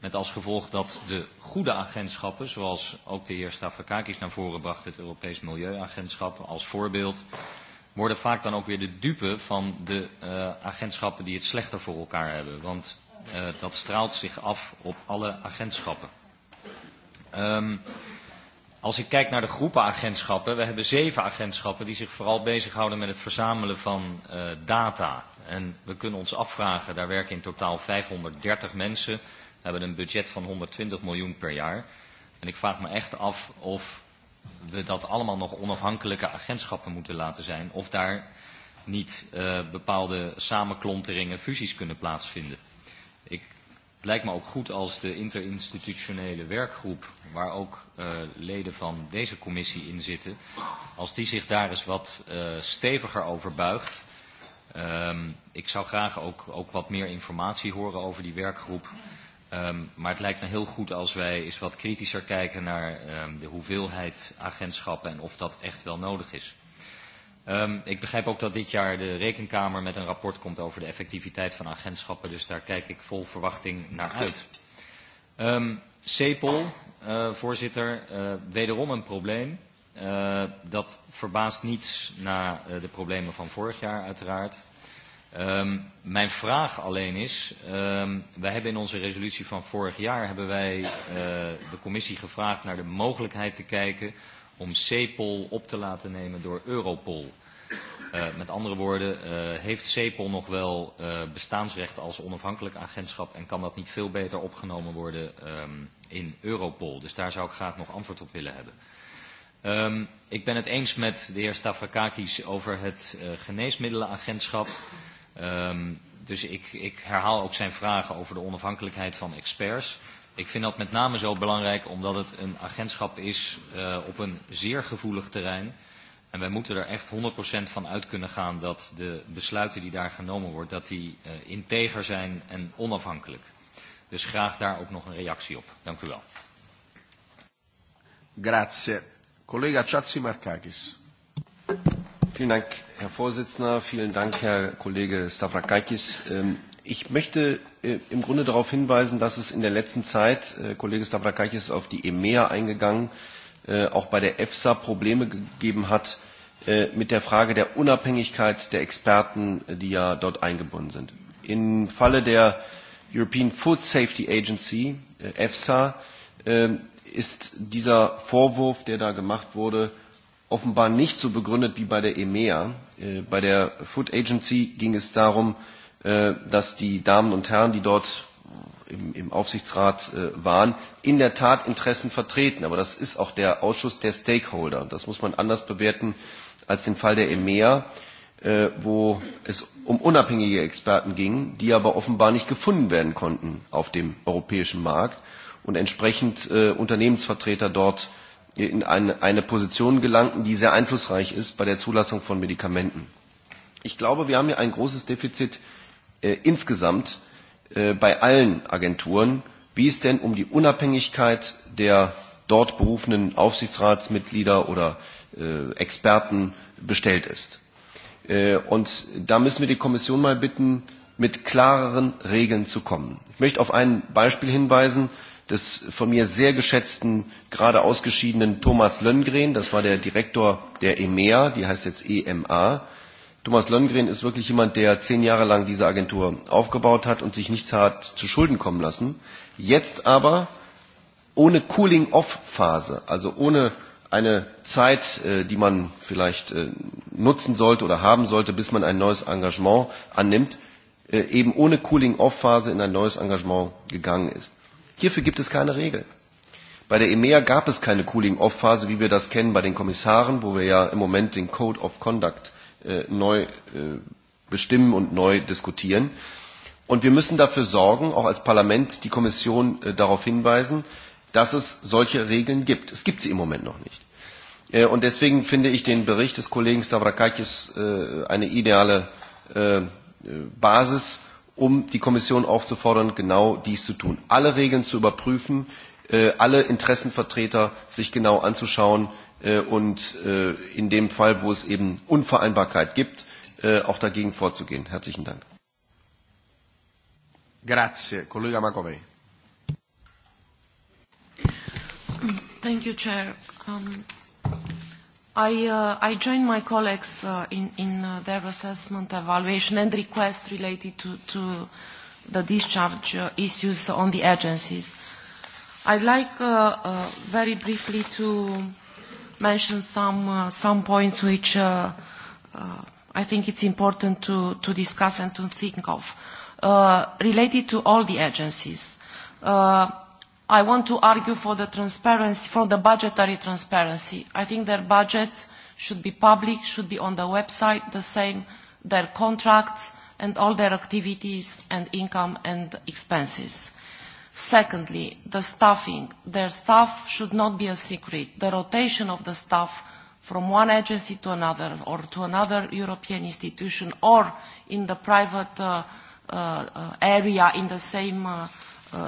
Met als gevolg dat de goede agentschappen, zoals ook de heer Stavrakakis naar voren bracht, het Europees Milieuagentschap als voorbeeld, worden vaak dan ook weer de dupe van de uh, agentschappen die het slechter voor elkaar hebben. Want Uh, dat straalt zich af op alle agentschappen. Um, als ik kijk naar de groepen agentschappen, we hebben zeven agentschappen die zich vooral bezighouden met het verzamelen van uh, data. En we kunnen ons afvragen, daar werken in totaal 530 mensen, we hebben een budget van 120 miljoen per jaar. En ik vraag me echt af of we dat allemaal nog onafhankelijke agentschappen moeten laten zijn, of daar niet uh, bepaalde samenklonteringen, fusies kunnen plaatsvinden. Ik, het lijkt me ook goed als de interinstitutionele werkgroep, waar ook uh, leden van deze commissie in zitten, als die zich daar eens wat uh, steviger over buigt. Um, ik zou graag ook, ook wat meer informatie horen over die werkgroep. Um, maar het lijkt me heel goed als wij eens wat kritischer kijken naar um, de hoeveelheid agentschappen en of dat echt wel nodig is. Um, ik begrijp ook dat dit jaar de Rekenkamer met een rapport komt over de effectiviteit van agentschappen, dus daar kijk ik vol verwachting naar uit. Um, CEPOL, uh, voorzitter, uh, wederom een probleem. Uh, dat verbaast niets na uh, de problemen van vorig jaar uiteraard. Um, mijn vraag alleen is, um, wij hebben in onze resolutie van vorig jaar hebben wij, uh, de commissie gevraagd naar de mogelijkheid te kijken om CEPOL op te laten nemen door Europol. Uh, met andere woorden, uh, heeft CEPOL nog wel uh, bestaansrecht als onafhankelijk agentschap en kan dat niet veel beter opgenomen worden um, in Europol? Dus daar zou ik graag nog antwoord op willen hebben. Um, ik ben het eens met de heer Stavrakakis over het uh, geneesmiddelenagentschap. Um, dus ik, ik herhaal ook zijn vragen over de onafhankelijkheid van experts. Ik vind dat met name zo belangrijk omdat het een agentschap is uh, op een zeer gevoelig terrein. En wij moeten er echt 100% van uit kunnen gaan dat de besluiten die daar genomen worden, dat die uh, integer zijn en onafhankelijk. Dus graag daar ook nog een reactie op. Dank u wel. Grazie. Collega Chatsi Markakis. Vielen dank, Herr Voorzitter. Vielen dank, Herr Kollege Stavrakakis. Um, Ich möchte äh, im Grunde darauf hinweisen, dass es in der letzten Zeit, äh, Kollege Stavrakakis ist auf die EMEA eingegangen, äh, auch bei der EFSA Probleme gegeben hat äh, mit der Frage der Unabhängigkeit der Experten, äh, die ja dort eingebunden sind. Im Falle der European Food Safety Agency, äh, EFSA, äh, ist dieser Vorwurf, der da gemacht wurde, offenbar nicht so begründet wie bei der EMEA. Äh, bei der Food Agency ging es darum, äh, Äh, dass die Damen und Herren, die dort im, im Aufsichtsrat äh, waren, in der Tat Interessen vertreten. Aber das ist auch der Ausschuss der Stakeholder. Das muss man anders bewerten als den Fall der EMEA, äh, wo es um unabhängige Experten ging, die aber offenbar nicht gefunden werden konnten auf dem europäischen Markt und entsprechend äh, Unternehmensvertreter dort in eine, eine Position gelangten, die sehr einflussreich ist bei der Zulassung von Medikamenten. Ich glaube, wir haben hier ein großes Defizit äh, äh, insgesamt äh, bei allen Agenturen, wie es denn um die Unabhängigkeit der dort berufenen Aufsichtsratsmitglieder oder äh, Experten bestellt ist. Äh, und da müssen wir die Kommission mal bitten, mit klareren Regeln zu kommen. Ich möchte auf ein Beispiel hinweisen des von mir sehr geschätzten, gerade ausgeschiedenen Thomas Lönngren, das war der Direktor der EMEA, die heißt jetzt EMA, äh, Thomas Lönngren ist wirklich jemand, der zehn Jahre lang diese Agentur aufgebaut hat und sich nichts hat zu Schulden kommen lassen. Jetzt aber ohne Cooling-off-Phase, also ohne eine Zeit, äh, die man vielleicht äh, nutzen sollte oder haben sollte, bis man ein neues Engagement annimmt, äh, eben ohne Cooling-off-Phase in ein neues Engagement gegangen ist. Hierfür gibt es keine Regel. Bei der EMEA gab es keine Cooling-off-Phase, wie wir das kennen bei den Kommissaren, wo wir ja im Moment den Code of Conduct äh, äh, neu äh, bestimmen und neu diskutieren. Und wir müssen dafür sorgen, auch als Parlament die Kommission äh, darauf hinweisen, dass es solche Regeln gibt. Es gibt sie im Moment noch nicht. Äh, und deswegen finde ich den Bericht des Kollegen Stavrakakis äh, eine ideale äh, äh Basis, um die Kommission aufzufordern, genau dies zu tun. Alle Regeln zu überprüfen, äh, alle Interessenvertreter sich genau anzuschauen, äh, Äh, und äh, in dem Fall, wo es eben Unvereinbarkeit gibt, äh, auch dagegen vorzugehen. Herzlichen Dank. Grazie. Kollege Makovej. Thank you, Chair. Um, I, uh, I join my colleagues uh, in, in uh, their assessment, evaluation and request related to, to the discharge uh, issues on the agencies. I'd like uh, uh, very briefly to mention some uh, some points which uh, uh, I think it's important to, to discuss and to think of uh, related to all the agencies. Uh, I want to argue for the transparency, for the budgetary transparency. I think their budget should be public, should be on the website, the same, their contracts and all their activities and income and expenses. Secondly, the staffing. Their staff should not be a secret. The rotation of the staff from one agency to another or to another European institution or in the private uh, uh, area in the same uh,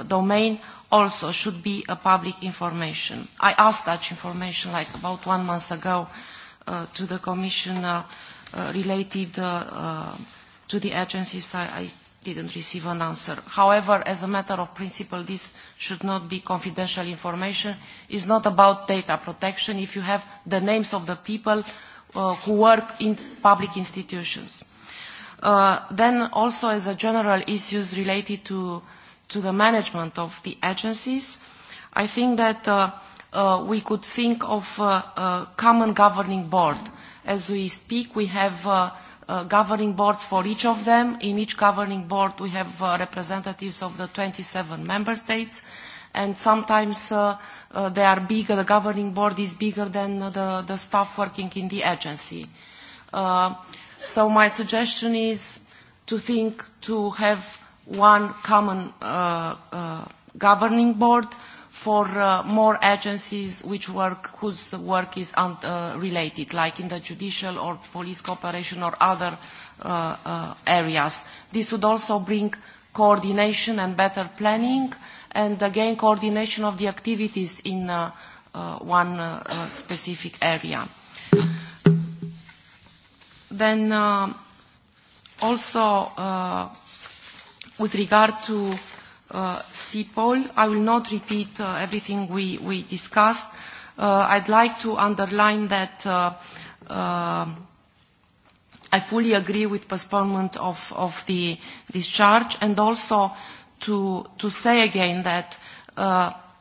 domain also should be a public information. I asked that information like about one month ago to the commission related to the agencies. I didn't receive an answer. However, as a matter of principle, this should not be confidential information. It's not about data protection if you have the names of the people uh, who work in public institutions. Uh, then also as a general issues related to, to the management of the agencies, I think that uh, uh, we could think of uh, a common governing board. As we speak, we have uh, uh, governing boards for each of them. In each governing board, we have uh, representatives of the 27 member states. And sometimes uh, uh, they are bigger, the governing board is bigger than the, the staff working in the agency. Uh, so my suggestion is to think to have one common uh, uh, governing board uh, for uh, more agencies which work, whose work is un uh, related, like in the judicial or police cooperation or other uh, uh, areas. This would also bring coordination and better planning, and again coordination of the activities in uh, uh, one uh, uh, specific area. Then uh, also uh, with regard to uh, CPOL. Uh, I will not repeat uh, everything we discussed. Uh, I'd like to underline that I fully agree with postponement of the discharge, and also to say again that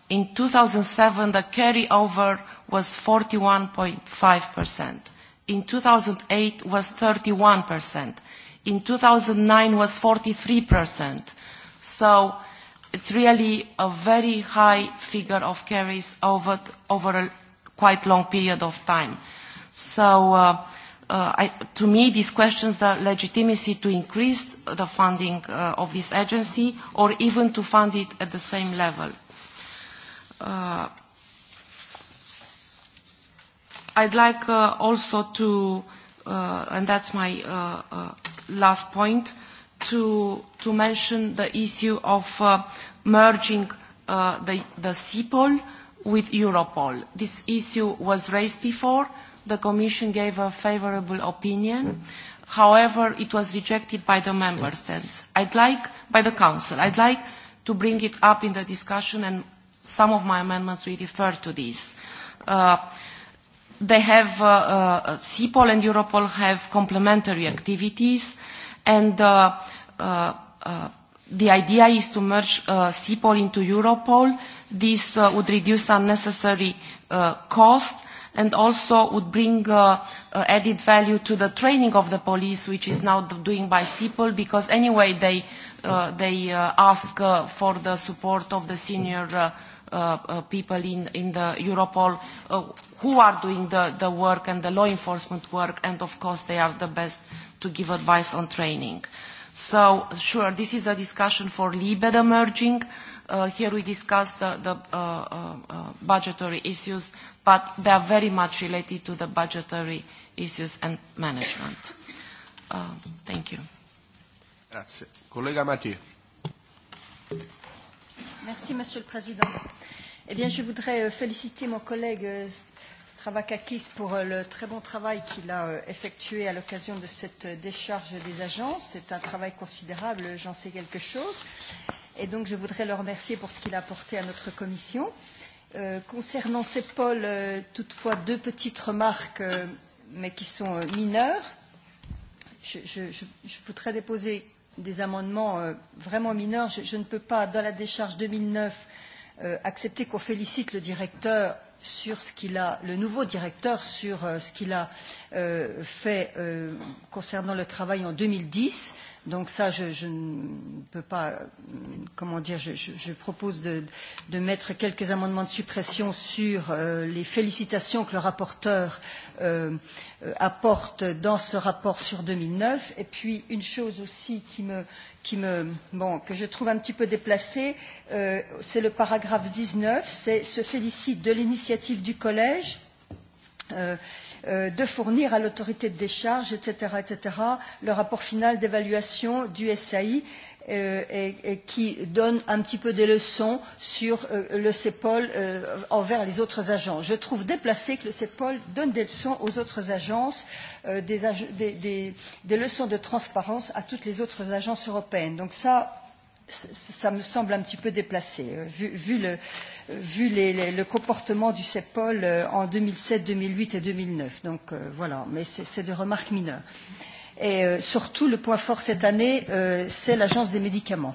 in 2007, the carryover was 41.5%. In 2008, was 31%. In 2009, was 43% it's really a very high figure of carries over, over a quite long period of time. So uh, uh, I, to me, this questions the legitimacy to increase the funding uh, of this agency or even to fund it at the same level. Uh, I'd like uh, also to, uh, and that's my uh, uh, last point, uh, to to mention the issue of uh, merging uh, the the CIPOL with Europol. This issue was raised before. The Commission gave a favourable opinion. However, it was rejected by the Member States. I'd like, by the Council, I'd like to bring it up in the discussion and some of my amendments will refer to this. Uh, they have, uh, uh, CIPOL and Europol have complementary activities. Uh, and uh, uh, the idea is to merge uh, CIPOL into Europol. This uh, would reduce unnecessary uh, cost and also would bring uh, uh, added value to the training of the police, which is now doing by CIPOL, because anyway they, uh, they uh, ask uh, for the support of the senior uh, uh, uh, people in, in the Europol uh, who are doing the, the work and the law enforcement work, and of course they are the best uh, to give advice on training. So sure, this is a discussion for LIBED emerging. Uh, here we discuss the, the uh, uh, uh, budgetary issues, but they are very much related to the budgetary issues and management. Uh, thank you. Grazie. Collega Mathieu. Merci, Monsieur le Président. Eh bien, je voudrais euh, féliciter mon collègue euh, ministre Avakakis pour euh, le très bon travail qu'il a euh, effectué à l'occasion de cette euh, décharge des agences. C'est un travail considérable, j'en sais quelque chose. Et donc je voudrais le remercier pour ce qu'il a apporté à notre commission. Euh, concernant CEPOL, euh, toutefois, deux petites remarques, euh, mais qui sont euh, mineures. Je, je, je voudrais déposer des amendements euh, vraiment mineurs. Je, je ne peux pas, dans la décharge 2009, euh, accepter qu'on félicite le directeur sur ce qu'il a, le nouveau directeur, sur euh, ce qu'il a euh, fait euh, concernant le travail en 2010. Donc ça, je, je ne peux pas, euh, comment dire, je, je, je propose de, de mettre quelques amendements de suppression sur euh, les félicitations que le rapporteur euh, euh apporte dans ce rapport sur 2009. Et puis une chose aussi qui me, qui me bon, que je trouve un petit peu déplacé, euh, c'est le paragraphe 19, c'est se félicite de l'initiative du collège euh, euh, de fournir à l'autorité de décharge, etc., etc., le rapport final d'évaluation du SAI euh, et, et qui donne un petit peu des leçons sur euh, le CEPOL euh, envers les autres agents. Je trouve déplacé que le CEPOL donne des leçons aux autres agences, euh, des, ag des, des, des leçons de transparence à toutes les autres agences européennes. Donc ça, ça me semble un petit peu déplacé, euh, vu, vu, le, vu les, les, le comportement du CEPOL euh, en 2007, 2008 et 2009. Donc euh, voilà, mais c'est des remarques mineures. Euh, Et euh, surtout, le point fort cette année, euh, c'est l'Agence des médicaments.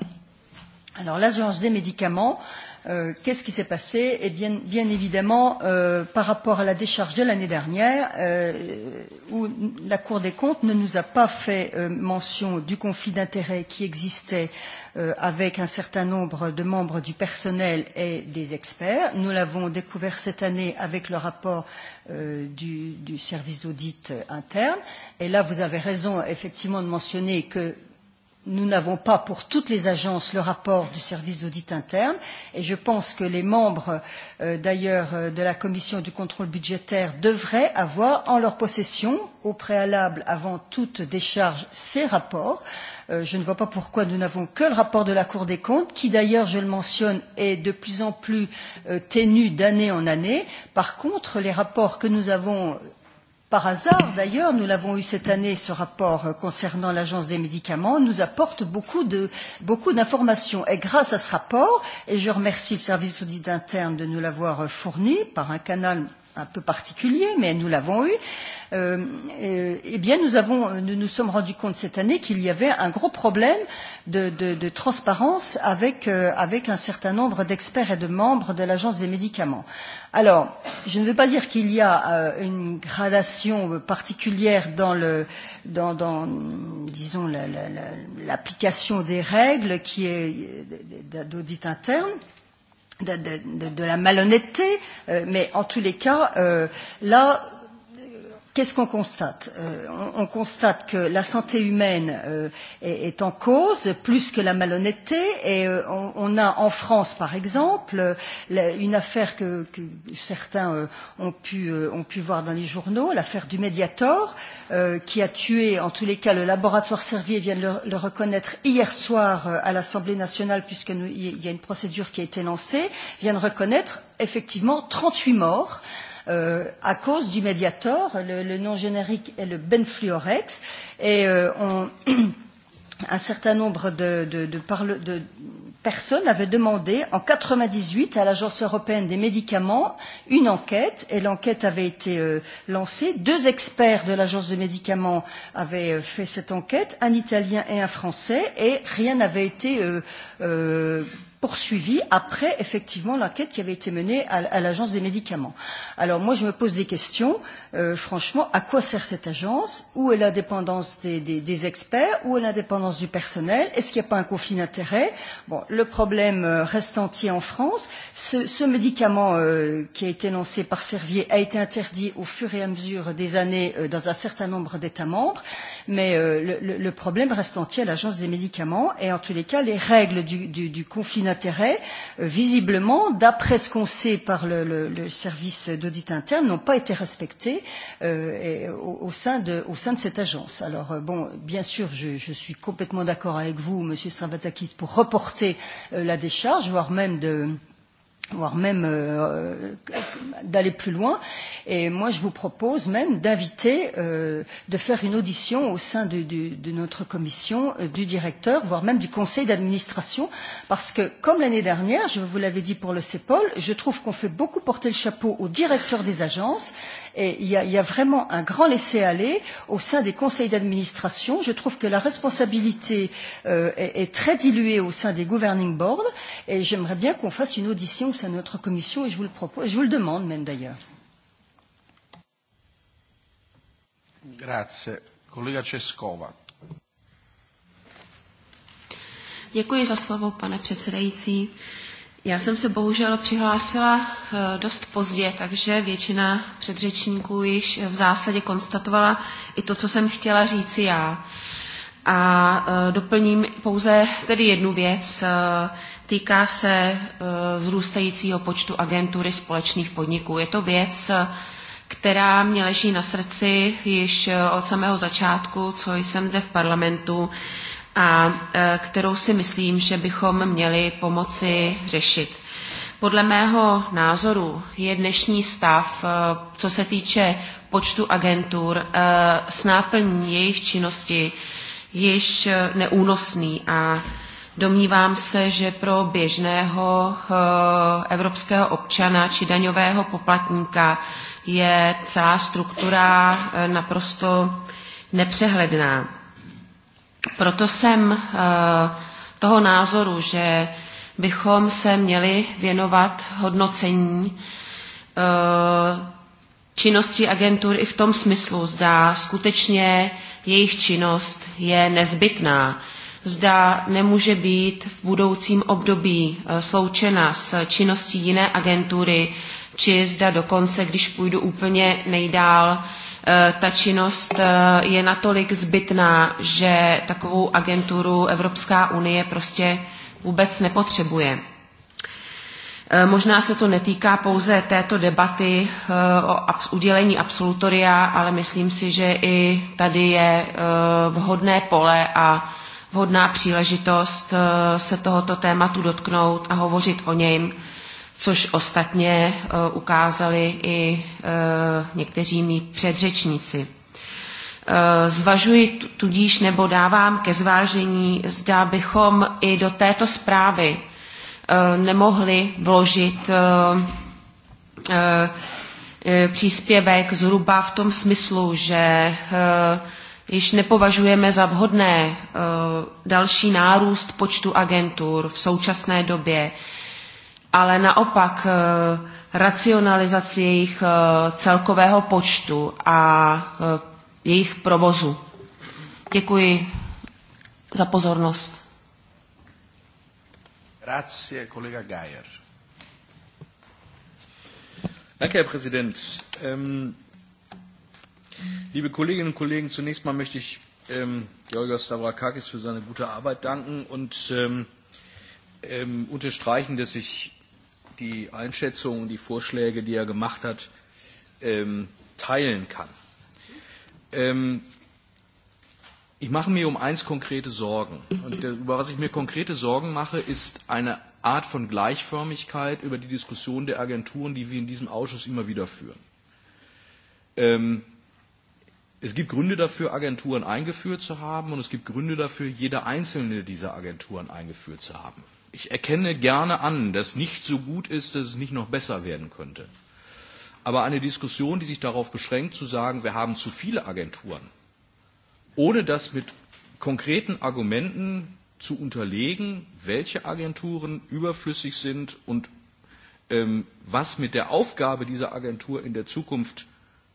Alors, l'Agence des médicaments, euh, euh, qu'est-ce qui s'est passé Eh bien, bien évidemment, euh, par rapport à la décharge de l'année dernière, euh, où la Cour des comptes ne nous a pas fait euh, mention du conflit d'intérêts qui existait euh, avec un certain nombre de membres du personnel et des experts. Nous l'avons découvert cette année avec le rapport euh, du, du service d'audit interne. Et là, vous avez raison, effectivement, de mentionner que Nous n'avons pas pour toutes les agences le rapport du service d'audit interne et je pense que les membres euh, d'ailleurs euh, de la commission du contrôle budgétaire devraient avoir en leur possession au préalable avant toute décharge ces rapports. Euh, je ne vois pas pourquoi nous n'avons que le rapport de la Cour des comptes qui d'ailleurs je le mentionne est de plus en plus euh, ténu d'année en année. Par contre les rapports que nous avons Par hasard, d'ailleurs, nous l'avons eu cette année, ce rapport euh, concernant l'Agence des médicaments nous apporte beaucoup, de, beaucoup d'informations. Et grâce à ce rapport, et je remercie le service d'audit interne de nous l'avoir euh, fourni par un canal un peu particulier, mais nous l'avons eu. Euh, euh, eh bien, nous avons, nous nous sommes rendus compte cette année qu'il y avait un gros problème de, de, de transparence avec euh, avec un certain nombre d'experts et de membres de l'agence des médicaments. Alors, je ne veux pas dire qu'il y a euh, une gradation particulière dans le, dans, dans disons l'application la, la, la, des règles qui est euh, d'audit interne. Euh, de, de, de la malhonnêteté, euh, mais en tous les cas, euh, là, Qu'est-ce qu'on constate euh, on, on constate que la santé humaine euh, est, est en cause plus que la malhonnêteté. Et euh, on, on a en France, par exemple, la, une affaire que, que certains euh, ont, pu, euh, ont pu voir dans les journaux, l'affaire du Mediator, euh, qui a tué, en tous les cas, le laboratoire Servier vient de le, le reconnaître hier soir euh, à l'Assemblée nationale, puisqu'il y a une procédure qui a été lancée, vient de reconnaître effectivement 38 morts euh, à cause du médiator, le, le nom générique est le benfluorex, et euh, on, un certain nombre de, de, de, parle, de personnes avaient demandé en 1998 à l'Agence européenne des médicaments une enquête, et l'enquête avait été euh, lancée. Deux experts de l'Agence des médicaments avaient euh, fait cette enquête, un Italien et un Français, et rien n'avait été. Euh, euh, poursuivi après effectivement l'enquête qui avait été menée à, à l'agence des médicaments. Alors moi je me pose des questions, euh, franchement, à quoi sert cette agence Où est l'indépendance des, des, des experts Où est l'indépendance du personnel Est-ce qu'il n'y a pas un conflit d'intérêts Bon, le problème euh, reste entier en France. Ce, ce médicament euh, qui a été lancé par Servier a été interdit au fur et à mesure des années euh, dans un certain nombre d'États membres, mais euh, le, le problème reste entier à l'agence des médicaments et en tous les cas les règles du, du, du conflit intérêt, visiblement, d'après ce qu'on sait par le, le, le service d'audit interne, n'ont pas été respectés euh, et, au, au, sein de, au sein de cette agence. Alors, euh, bon, bien sûr, je, je suis complètement d'accord avec vous, Monsieur Stravatakis, pour reporter euh, la décharge, voire même de voire même euh, euh, d'aller plus loin. Et moi, je vous propose même d'inviter, euh, de faire une audition au sein de, de, de notre commission, euh, du directeur, voire même du conseil d'administration, parce que, comme l'année dernière, je vous l'avais dit pour le CEPOL, je trouve qu'on fait beaucoup porter le chapeau aux directeurs des agences, et il y a, y a vraiment un grand laisser-aller au sein des conseils d'administration. Je trouve que la responsabilité euh, est, est très diluée au sein des governing boards, et j'aimerais bien qu'on fasse une audition réponse à notre commission et je vous le propose, je vous le demande même d'ailleurs. Grazie. Collega Ceskova. Děkuji za slovo, pane předsedající. Já jsem se bohužel přihlásila eh, dost pozdě, takže většina předřečníků již v zásadě konstatovala i to, co jsem chtěla říci já. A eh, doplním pouze tedy jednu věc. Eh, týká se eh, vzrůstajícího počtu agentury společných podniků. Je to věc, která mě leží na srdci již eh, od samého začátku, co jsem zde v parlamentu a eh, kterou si myslím, že bychom měli pomoci řešit. Podle mého názoru je dnešní stav, co se týče počtu agentur, s náplní jejich činnosti již neúnosný a Domnívám se, že pro běžného eh, evropského občana či daňového poplatníka je celá struktura eh, naprosto nepřehledná. Proto jsem eh, toho názoru, že bychom se měli věnovat hodnocení činnosti agentur i v tom smyslu, zda skutečně jejich činnost je nezbytná zda nemůže být v budoucím období eh, sloučena s činností jiné agentury, či zda dokonce, když půjdu úplně nejdál, eh, ta činnost eh, je natolik zbytná, že takovou agenturu Evropská unie prostě vůbec nepotřebuje. Možná se to netýká pouze této debaty o udělení absolutoria, ale myslím si, že i tady je vhodné pole a vhodná příležitost eh, se tohoto tématu dotknout a hovořit o něm, což ostatně eh, ukázali i eh, někteří mý předřečníci. Zvažuji tudíž nebo dávám ke zvážení, zda bychom i do této zprávy nemohli vložit příspěvek zhruba v tom smyslu, že Již nepovažujeme za vhodné eh, další nárůst počtu agentur v současné době, ale naopak eh, racionalizaci jejich eh, celkového počtu a jejich provozu. Děkuji za pozornost. Grazie, kolega Geier. Danke, Herr Präsident. Ähm Liebe Kolleginnen und Kollegen, zunächst mal möchte ich ähm, Georgios Stavrakakis für seine gute Arbeit danken und ähm, ähm, unterstreichen, dass ich die Einschätzungen und die Vorschläge, die er gemacht hat, ähm, teilen kann. Ähm, ich mache mir um eins konkrete Sorgen. Und der, über was ich mir konkrete Sorgen mache, ist eine Art von Gleichförmigkeit über die Diskussion der Agenturen, die wir in diesem Ausschuss immer wieder führen. Ähm, Es gibt Gründe dafür, Agenturen eingeführt zu haben, und es gibt Gründe dafür, jede einzelne dieser Agenturen eingeführt zu haben. Ich erkenne gerne an, dass nicht so gut ist, dass es nicht noch besser werden könnte. Aber eine Diskussion, die sich darauf beschränkt, zu sagen, wir haben zu viele Agenturen, ohne das mit konkreten Argumenten zu unterlegen, welche Agenturen überflüssig sind und ähm, was mit der Aufgabe dieser Agentur in der Zukunft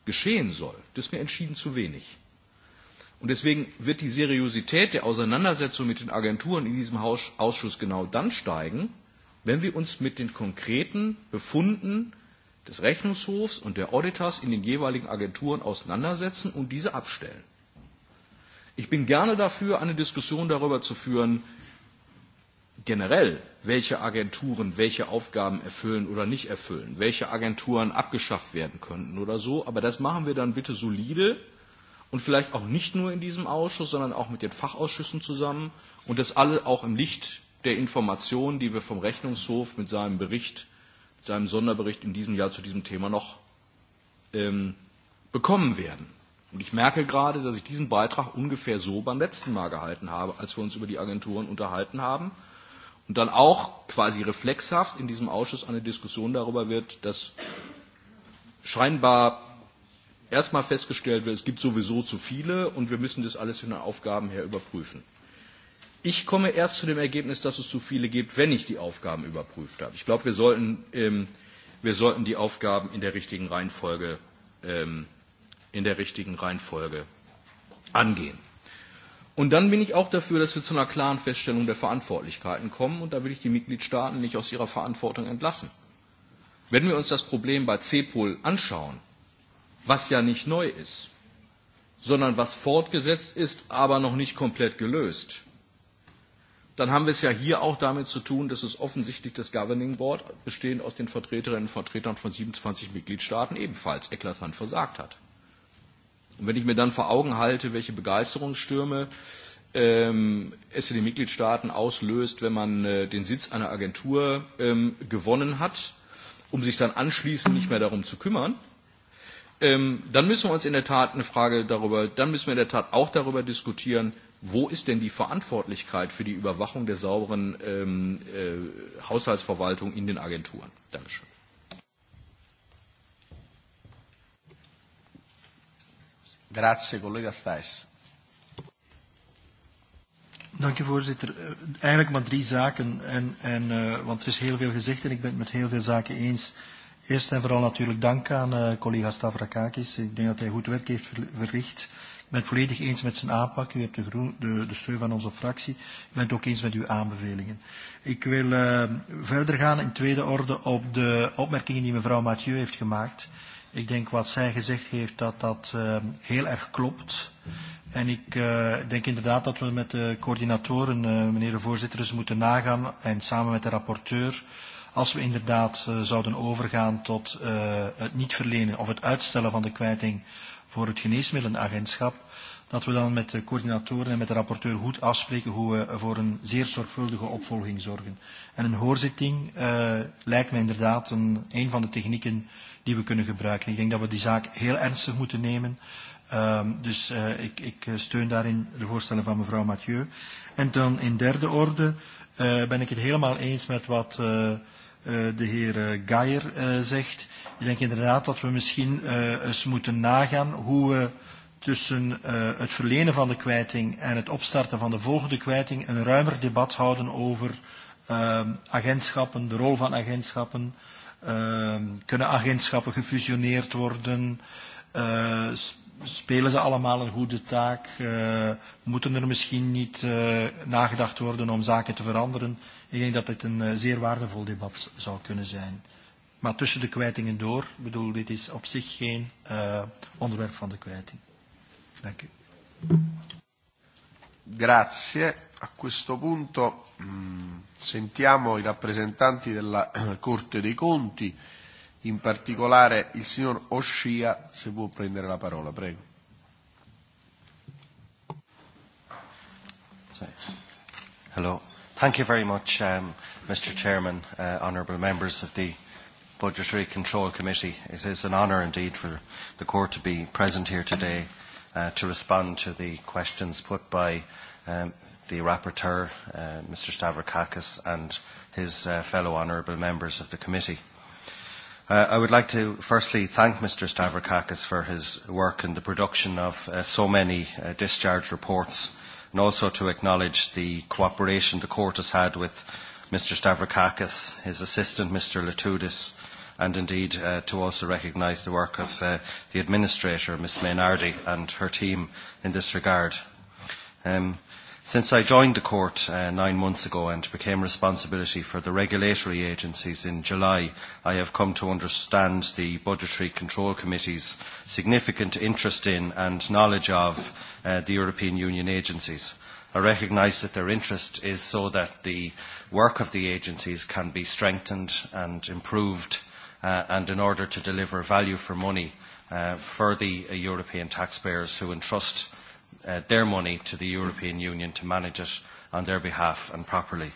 geschehen soll, das ist mir entschieden zu wenig. Und deswegen wird die Seriosität der Auseinandersetzung mit den Agenturen in diesem Ausschuss genau dann steigen, wenn wir uns mit den konkreten Befunden des Rechnungshofs und der Auditors in den jeweiligen Agenturen auseinandersetzen und diese abstellen. Ich bin gerne dafür, eine Diskussion darüber zu führen, generell, welche Agenturen welche Aufgaben erfüllen oder nicht erfüllen, welche Agenturen abgeschafft werden könnten oder so. Aber das machen wir dann bitte solide und vielleicht auch nicht nur in diesem Ausschuss, sondern auch mit den Fachausschüssen zusammen und das alle auch im Licht der Informationen, die wir vom Rechnungshof mit seinem Bericht, mit seinem Sonderbericht in diesem Jahr zu diesem Thema noch ähm, bekommen werden. Und ich merke gerade, dass ich diesen Beitrag ungefähr so beim letzten Mal gehalten habe, als wir uns über die Agenturen unterhalten haben und dann auch quasi reflexhaft in diesem Ausschuss eine Diskussion darüber wird, dass scheinbar erstmal festgestellt wird, es gibt sowieso zu viele und wir müssen das alles in den Aufgaben her überprüfen. Ich komme erst zu dem Ergebnis, dass es zu viele gibt, wenn ich die Aufgaben überprüft habe. Ich glaube, wir sollten, ähm, wir sollten die Aufgaben in der richtigen Reihenfolge, ähm, in der richtigen Reihenfolge angehen. Und dann bin ich auch dafür, dass wir zu einer klaren Feststellung der Verantwortlichkeiten kommen. Und da will ich die Mitgliedstaaten nicht aus ihrer Verantwortung entlassen. Wenn wir uns das Problem bei CEPOL anschauen, was ja nicht neu ist, sondern was fortgesetzt ist, aber noch nicht komplett gelöst, dann haben wir es ja hier auch damit zu tun, dass es offensichtlich das Governing Board, bestehend aus den Vertreterinnen und Vertretern von 27 Mitgliedstaaten, ebenfalls eklatant versagt hat. Und wenn ich mir dann vor Augen halte, welche Begeisterungsstürme ähm, es in den Mitgliedstaaten auslöst, wenn man äh, den Sitz einer Agentur ähm, gewonnen hat, um sich dann anschließend nicht mehr darum zu kümmern, ähm, dann müssen wir uns in der Tat eine Frage darüber, dann müssen wir in der Tat auch darüber diskutieren, wo ist denn die Verantwortlichkeit für die Überwachung der sauberen ähm, äh, Haushaltsverwaltung in den Agenturen? Dankeschön. Grazie, collega Stijs. Dank u voorzitter. Eh, eigenlijk maar drie zaken, en, en, uh, want er is heel veel gezegd en ik ben het met heel veel zaken eens. Eerst en vooral natuurlijk dank aan uh, collega Stavrakakis. Ik denk dat hij goed werk heeft verricht. Ik ben het volledig eens met zijn aanpak. U hebt de, groen, de, de steun van onze fractie. Ik ben het ook eens met uw aanbevelingen. Ik wil uh, verder gaan in tweede orde op de opmerkingen die mevrouw Mathieu heeft gemaakt. Uh, Ik denk wat zij gezegd heeft dat dat uh, heel erg klopt. En ik uh, denk inderdaad dat we met de coördinatoren, uh, meneer de voorzitter, eens moeten nagaan en samen met de rapporteur, als we inderdaad uh, zouden overgaan tot uh, het niet verlenen of het uitstellen van de kwijting voor het geneesmiddelenagentschap, dat we dan met de coördinatoren en met de rapporteur goed afspreken hoe we voor een zeer zorgvuldige opvolging zorgen. En een hoorzitting uh, lijkt me inderdaad een, een van de technieken die we kunnen gebruiken. Ik denk dat we die zaak heel ernstig moeten nemen. Um, dus uh, ik, ik eh, steun daarin de voorstellen van mevrouw Mathieu. En dan in derde orde uh, ben ik het helemaal eens met wat uh, uh, de heer Geyer uh, zegt. Ik denk inderdaad dat we misschien uh, eens moeten nagaan hoe we tussen uh, het verlenen van de kwijting en het opstarten van de volgende kwijting een ruimer debat houden over uh, agentschappen, de rol van agentschappen. Uh, Ehm, kunnen agentschappen gefusioneerd worden? Uh, spelen ze allemaal een goede taak? Uh, moeten er misschien niet uh, nagedacht worden om zaken te veranderen? Ik denk dat dit een uh, zeer waardevol debat zou kunnen zijn. Maar tussen de kwijtingen door, ik bedoel, dit is op zich geen uh, onderwerp van de kwijting. Dank u. Grazie. A questo punto. Mm sentiamo i rappresentanti della Corte dei Conti, in particolare il signor Oscia, se può prendere la parola, prego. Hello. Thank you very much, um, Mr. Chairman, uh, honourable members of the Budgetary Control Committee. It is an honour indeed for the Court to be present here today uh, to respond to the questions put by um, the rapporteur, uh, Mr. Stavrakakis, and his uh, fellow honourable members of the committee. Uh, I would like to firstly thank Mr. Stavrakakis for his work in the production of uh, so many uh, discharge reports, and also to acknowledge the cooperation the court has had with Mr. Stavrakakis, his assistant, Mr. Latudis, and indeed uh, to also recognise the work of uh, the administrator, Ms. Maynardi, and her team in this regard. Um, uh, Since I joined the court uh, nine months ago and became responsibility for the regulatory agencies in July, I have come to understand the Budgetary Control Committee's significant interest in and knowledge of uh, the European Union agencies. I recognise that their interest is so that the work of the agencies can be strengthened and improved uh, and in order to deliver value for money uh, for the uh, European taxpayers who entrust uh, uh, their money to the European Union to manage it on their behalf and properly.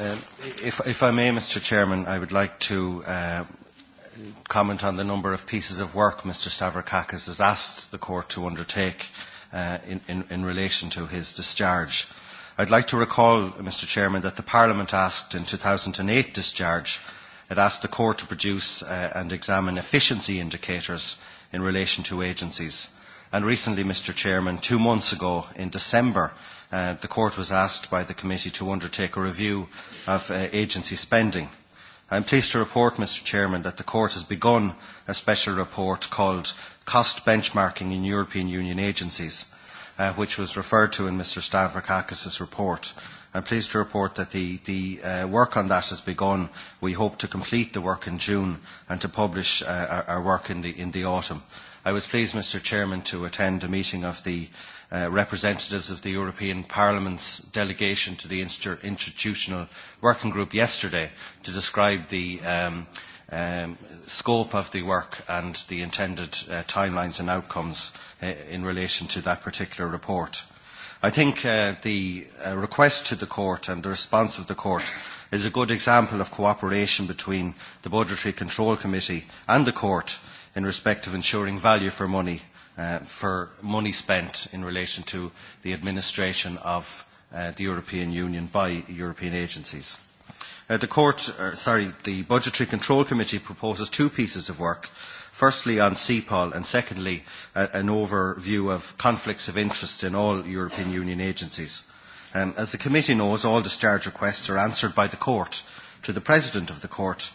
Um, if, if I may, Mr Chairman, I would like to uh, comment on the number of pieces of work Mr Stavrakakis has asked the Court to undertake uh, in, in, in relation to his discharge. I'd like to recall, Mr Chairman, that the Parliament asked in 2008 discharge, it asked the Court to produce uh, and examine efficiency indicators uh, in relation to agencies. And recently, Mr. Chairman, two months ago in December, uh, the court was asked by the committee to undertake a review of uh, agency spending. I'm pleased to report, Mr. Chairman, that the court has begun a special report called Cost Benchmarking in European Union Agencies, uh, which was referred to in Mr. Stavrakakis' report. I'm pleased to report that the, the uh, work on that has begun. We hope to complete the work in June and to publish uh, our, our work in the, in the autumn. I was pleased, Mr Chairman, to attend a meeting of the uh, representatives of the European Parliament's delegation to the Institutional Working Group yesterday to describe the um, um, scope of the work and the intended uh, timelines and outcomes uh, in relation to that particular report. Uh, I think uh, the uh, request to the court and the response of the court is a good example of cooperation between the Budgetary Control Committee and the court in respect of ensuring value for money, uh, for money spent in relation to the administration of uh, the European Union by European agencies. Uh, the court, uh, sorry, the Budgetary Control Committee proposes two pieces of work firstly on CEPOL and secondly a, an overview of conflicts of interest in all European Union agencies. Um, as the committee knows, all discharge requests are answered by the court to the president of the court.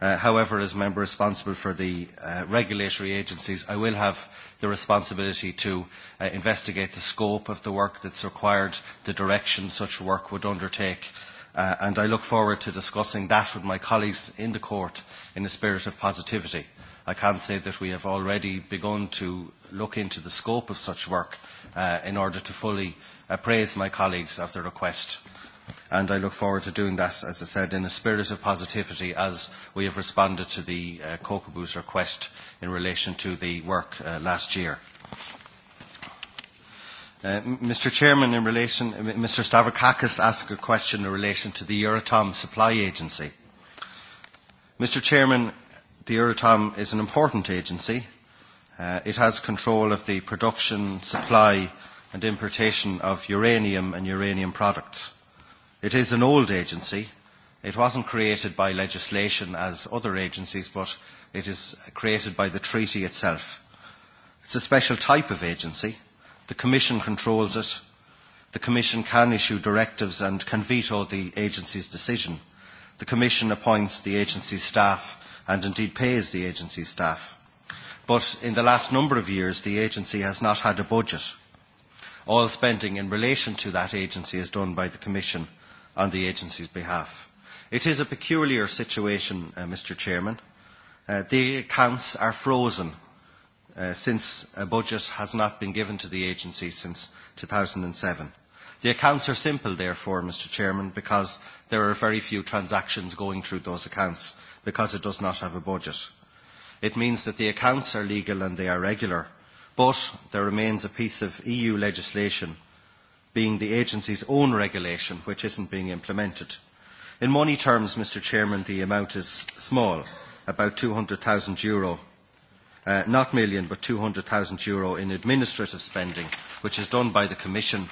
Uh, however, as member responsible for the uh, regulatory agencies, I will have the responsibility to uh, investigate the scope of the work that's required, the direction such work would undertake, uh, and I look forward to discussing that with my colleagues in the court in a spirit of positivity. I can say that we have already begun to look into the scope of such work uh, in order to fully appraise my colleagues of the request. And I look forward to doing that, as I said, in a spirit of positivity as we have responded to the uh, Kokobu's request in relation to the work uh, last year. Uh, Mr. Chairman, in relation, Mr. Stavrakakis asked a question in relation to the Euratom Supply Agency. Mr. Chairman, the Eurotom is an important agency. Uh, it has control of the production, supply and importation of uranium and uranium products. It is an old agency. It wasn't created by legislation as other agencies, but it is created by the treaty itself. It's a special type of agency. The Commission controls it. The Commission can issue directives and can veto the agency's decision. The Commission appoints the agency's staff and indeed pays the agency staff. But in the last number of years, the agency has not had a budget. All spending in relation to that agency is done by the Commission on the agency's behalf. It is a peculiar situation, uh, Mr Chairman. Uh, the accounts are frozen uh, since a budget has not been given to the agency since 2007. The accounts are simple, therefore, Mr Chairman, because there are very few transactions going through those accounts because it does not have a budget. It means that the accounts are legal and they are regular, but there remains a piece of EU legislation being the agency's own regulation which isn't being implemented. In money terms, Mr Chairman, the amount is small, about €200,000, uh, not million, but €200,000 in administrative spending, which is done by the Commission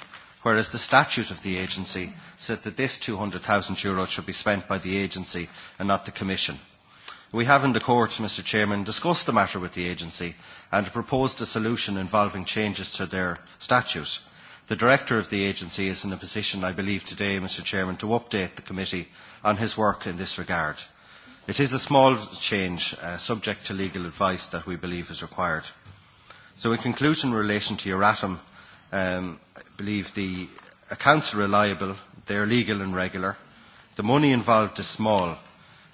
whereas the statute of the agency said that this €200,000 should be spent by the agency and not the Commission. We have in the courts, Mr Chairman, discussed the matter with the agency and proposed a solution involving changes to their statute. The director of the agency is in a position, I believe today, Mr Chairman, to update the committee on his work in this regard. It is a small change uh, subject to legal advice that we believe is required. So in conclusion in relation to your atom, um, believe the accounts are reliable, they are legal and regular. The money involved is small,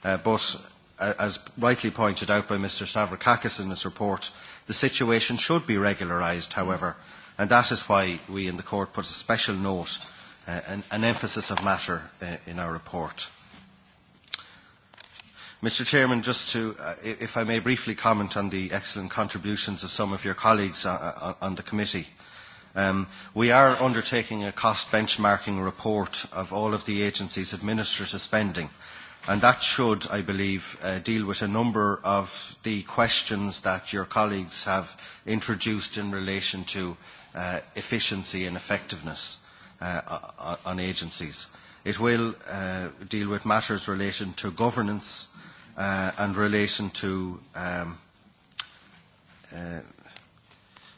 uh, but uh, as rightly pointed out by Mr Stavrakakis in his report, the situation should be regularised, however, and that is why we in the court put a special note, uh, an, an emphasis of matter, uh, in our report. Mr Chairman, just to, uh, if I may briefly comment on the excellent contributions of some of your colleagues uh, uh on the committee. Uh, Um, we are undertaking a cost benchmarking report of all of the agency's administrative spending. And that should, I believe, uh, deal with a number of the questions that your colleagues have introduced in relation to uh, efficiency and effectiveness uh, on agencies. It will uh, deal with matters relating to governance uh, and relation to, um, uh,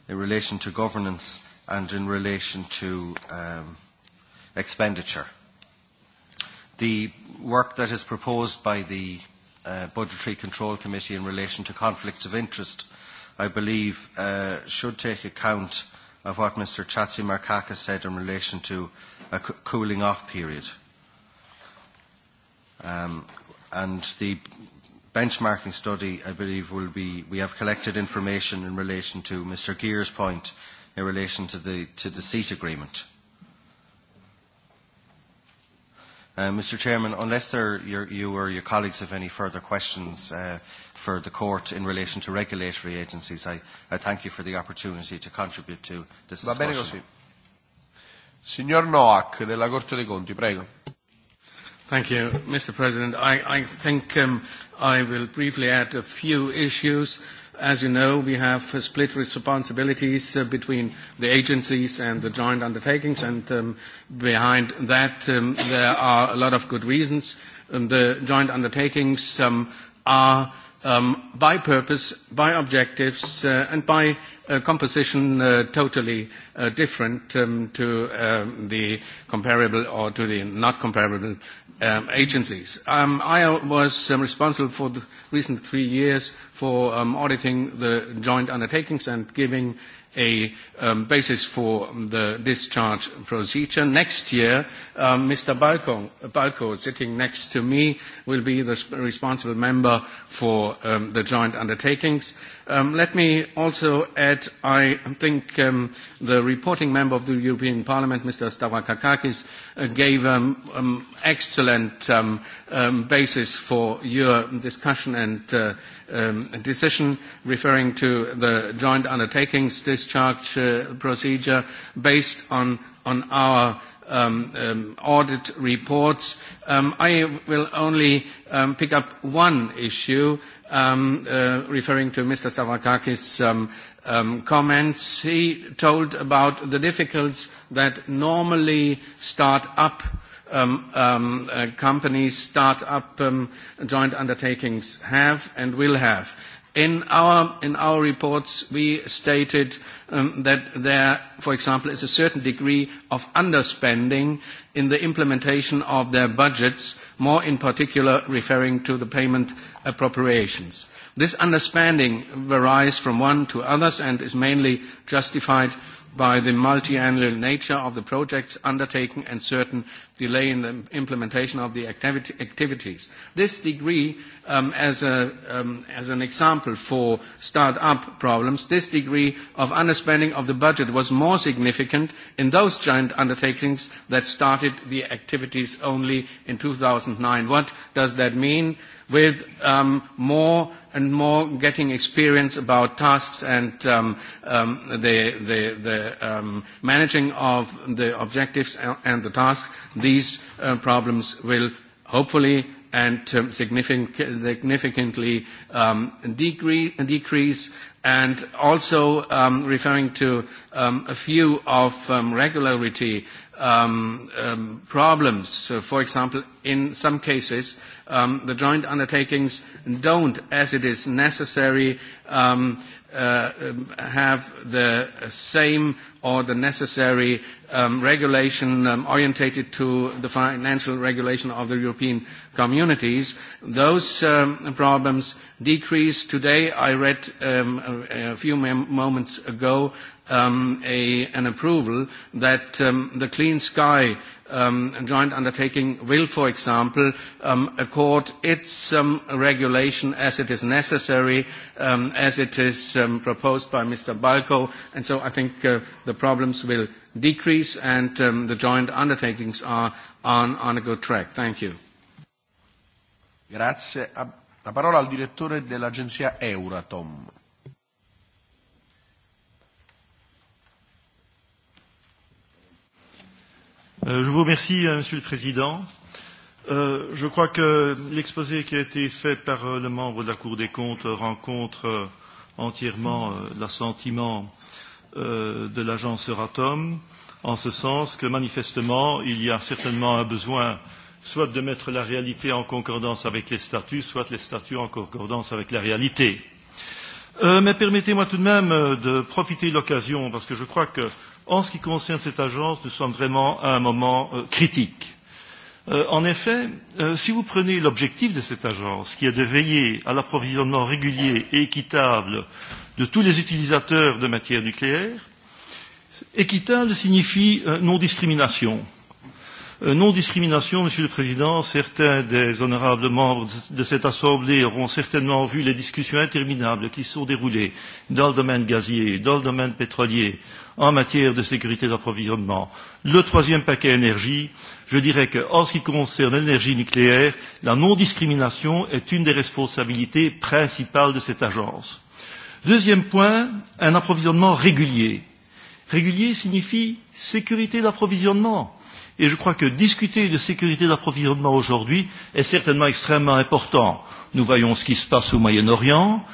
in relation to governance. Uh, and in relation to um, expenditure. The work that is proposed by the uh, Budgetary Control Committee in relation to conflicts of interest, I believe, uh, should take account of what Mr Chatsi Markakis said in relation to a co cooling off period. Um, and the benchmarking study, I believe, will be, we have collected information in relation to Mr Gear's point in relation to the, to the seat agreement. Uh, Mr. Chairman, unless there, your, you or your colleagues have any further questions uh, for the court in relation to regulatory agencies, I, I thank you for the opportunity to contribute to this Va bene discussion. Così. Signor Noack, della Corte dei Conti, prego. Thank you, Mr. President. I, I think um, I will briefly add a few issues. Uh, As you know, we have uh, split responsibilities uh, between the agencies and the joint undertakings, and um, behind that, um, there are a lot of good reasons. Um, the joint undertakings are by purpose, by objectives, uh, and by composition totally different to the comparable or to the not comparable um, agencies. Um, I was um, responsible for the recent three years for um, auditing the joint undertakings and giving a um, basis for the discharge procedure. Next year, Mr. Um, Baykov, sitting next to me, will be the responsible member for um, the joint undertakings. Let me also add, I think, the reporting member of the European Parliament, Mr. Stavrakakis, uh, gave excellent basis for your discussion and uh, um, decision referring to the joint undertakings discharge uh, procedure based on, on our um, um, audit reports. Um, I will only um, pick up one issue um, uh, referring to Mr. Stavakakis' um, um, comments. He told about the difficulties that normally start up uh, Um, um, uh, companies, start-up um, joint undertakings have and will have. In our, in our reports, we stated um, that there, for example, is a certain degree of underspending in the implementation of their budgets, more in particular referring to the payment appropriations. This underspending varies from one to others and is mainly justified uh, by the multi-annual nature of the projects undertaken and certain delay in the implementation of the activity, activities. This degree, um, as, a, um, as an example for start-up problems, this degree of underspending of the budget was more significant in those giant undertakings that started the activities only in 2009. What does that mean? with um, more and more getting experience about tasks and um, um, the, the, the um, managing of the objectives and the tasks, these uh, problems will hopefully and um, significant, significantly um, degre- decrease. And also um, referring to um, a few of um, regularity um, um, problems. So for example, in some cases, um, the joint undertakings don't, as it is necessary, um, uh, um, have the same or the necessary um, regulation um, orientated to the financial regulation of the European communities. Those um, problems decrease. Today, I read um, a, a few mem- moments ago um, a, an approval that um, the Clean Sky um, joint undertaking will, for example, um, accord its um, regulation as it is necessary, um, as it is um, proposed by Mr. Balco. And so I think uh, the problems will decrease and um, the joint undertakings are on a good track. Thank you. Grazie. La parola al direttore dell'agenzia Euratom. Euh, je vous remercie, euh, Monsieur le Président. Euh, je crois que l'exposé qui a été fait par le membre de la Cour des comptes rencontre entièrement l'assentiment euh, de l'agence Euratom, en ce sens que manifestement, il y a certainement un besoin soit de mettre la réalité en concordance avec les statuts, soit les statuts en concordance avec la réalité. Euh, mais permettez-moi tout de même euh, de profiter de l'occasion, parce que je crois que, en ce qui concerne cette agence, nous sommes vraiment à un moment euh, critique. Euh, en effet, euh, si vous prenez l'objectif de cette agence, qui est de veiller à l'approvisionnement régulier et équitable de tous les utilisateurs de matières nucléaires. Équitable signifie euh, non discrimination. Euh, non discrimination, Monsieur le Président, certains des honorables membres de cette Assemblée auront certainement vu les discussions interminables qui sont déroulées dans le domaine gazier, dans le domaine pétrolier, en matière de sécurité d'approvisionnement. Le troisième paquet énergie, je dirais qu'en ce qui concerne l'énergie nucléaire, la non discrimination est une des responsabilités principales de cette agence. Deuxième point, un approvisionnement régulier. Régulier signifie sécurité d'approvisionnement. Et je crois que discuter de sécurité d'approvisionnement aujourd'hui est certainement extrêmement important. Nous voyons ce qui se passe au Moyen-Orient.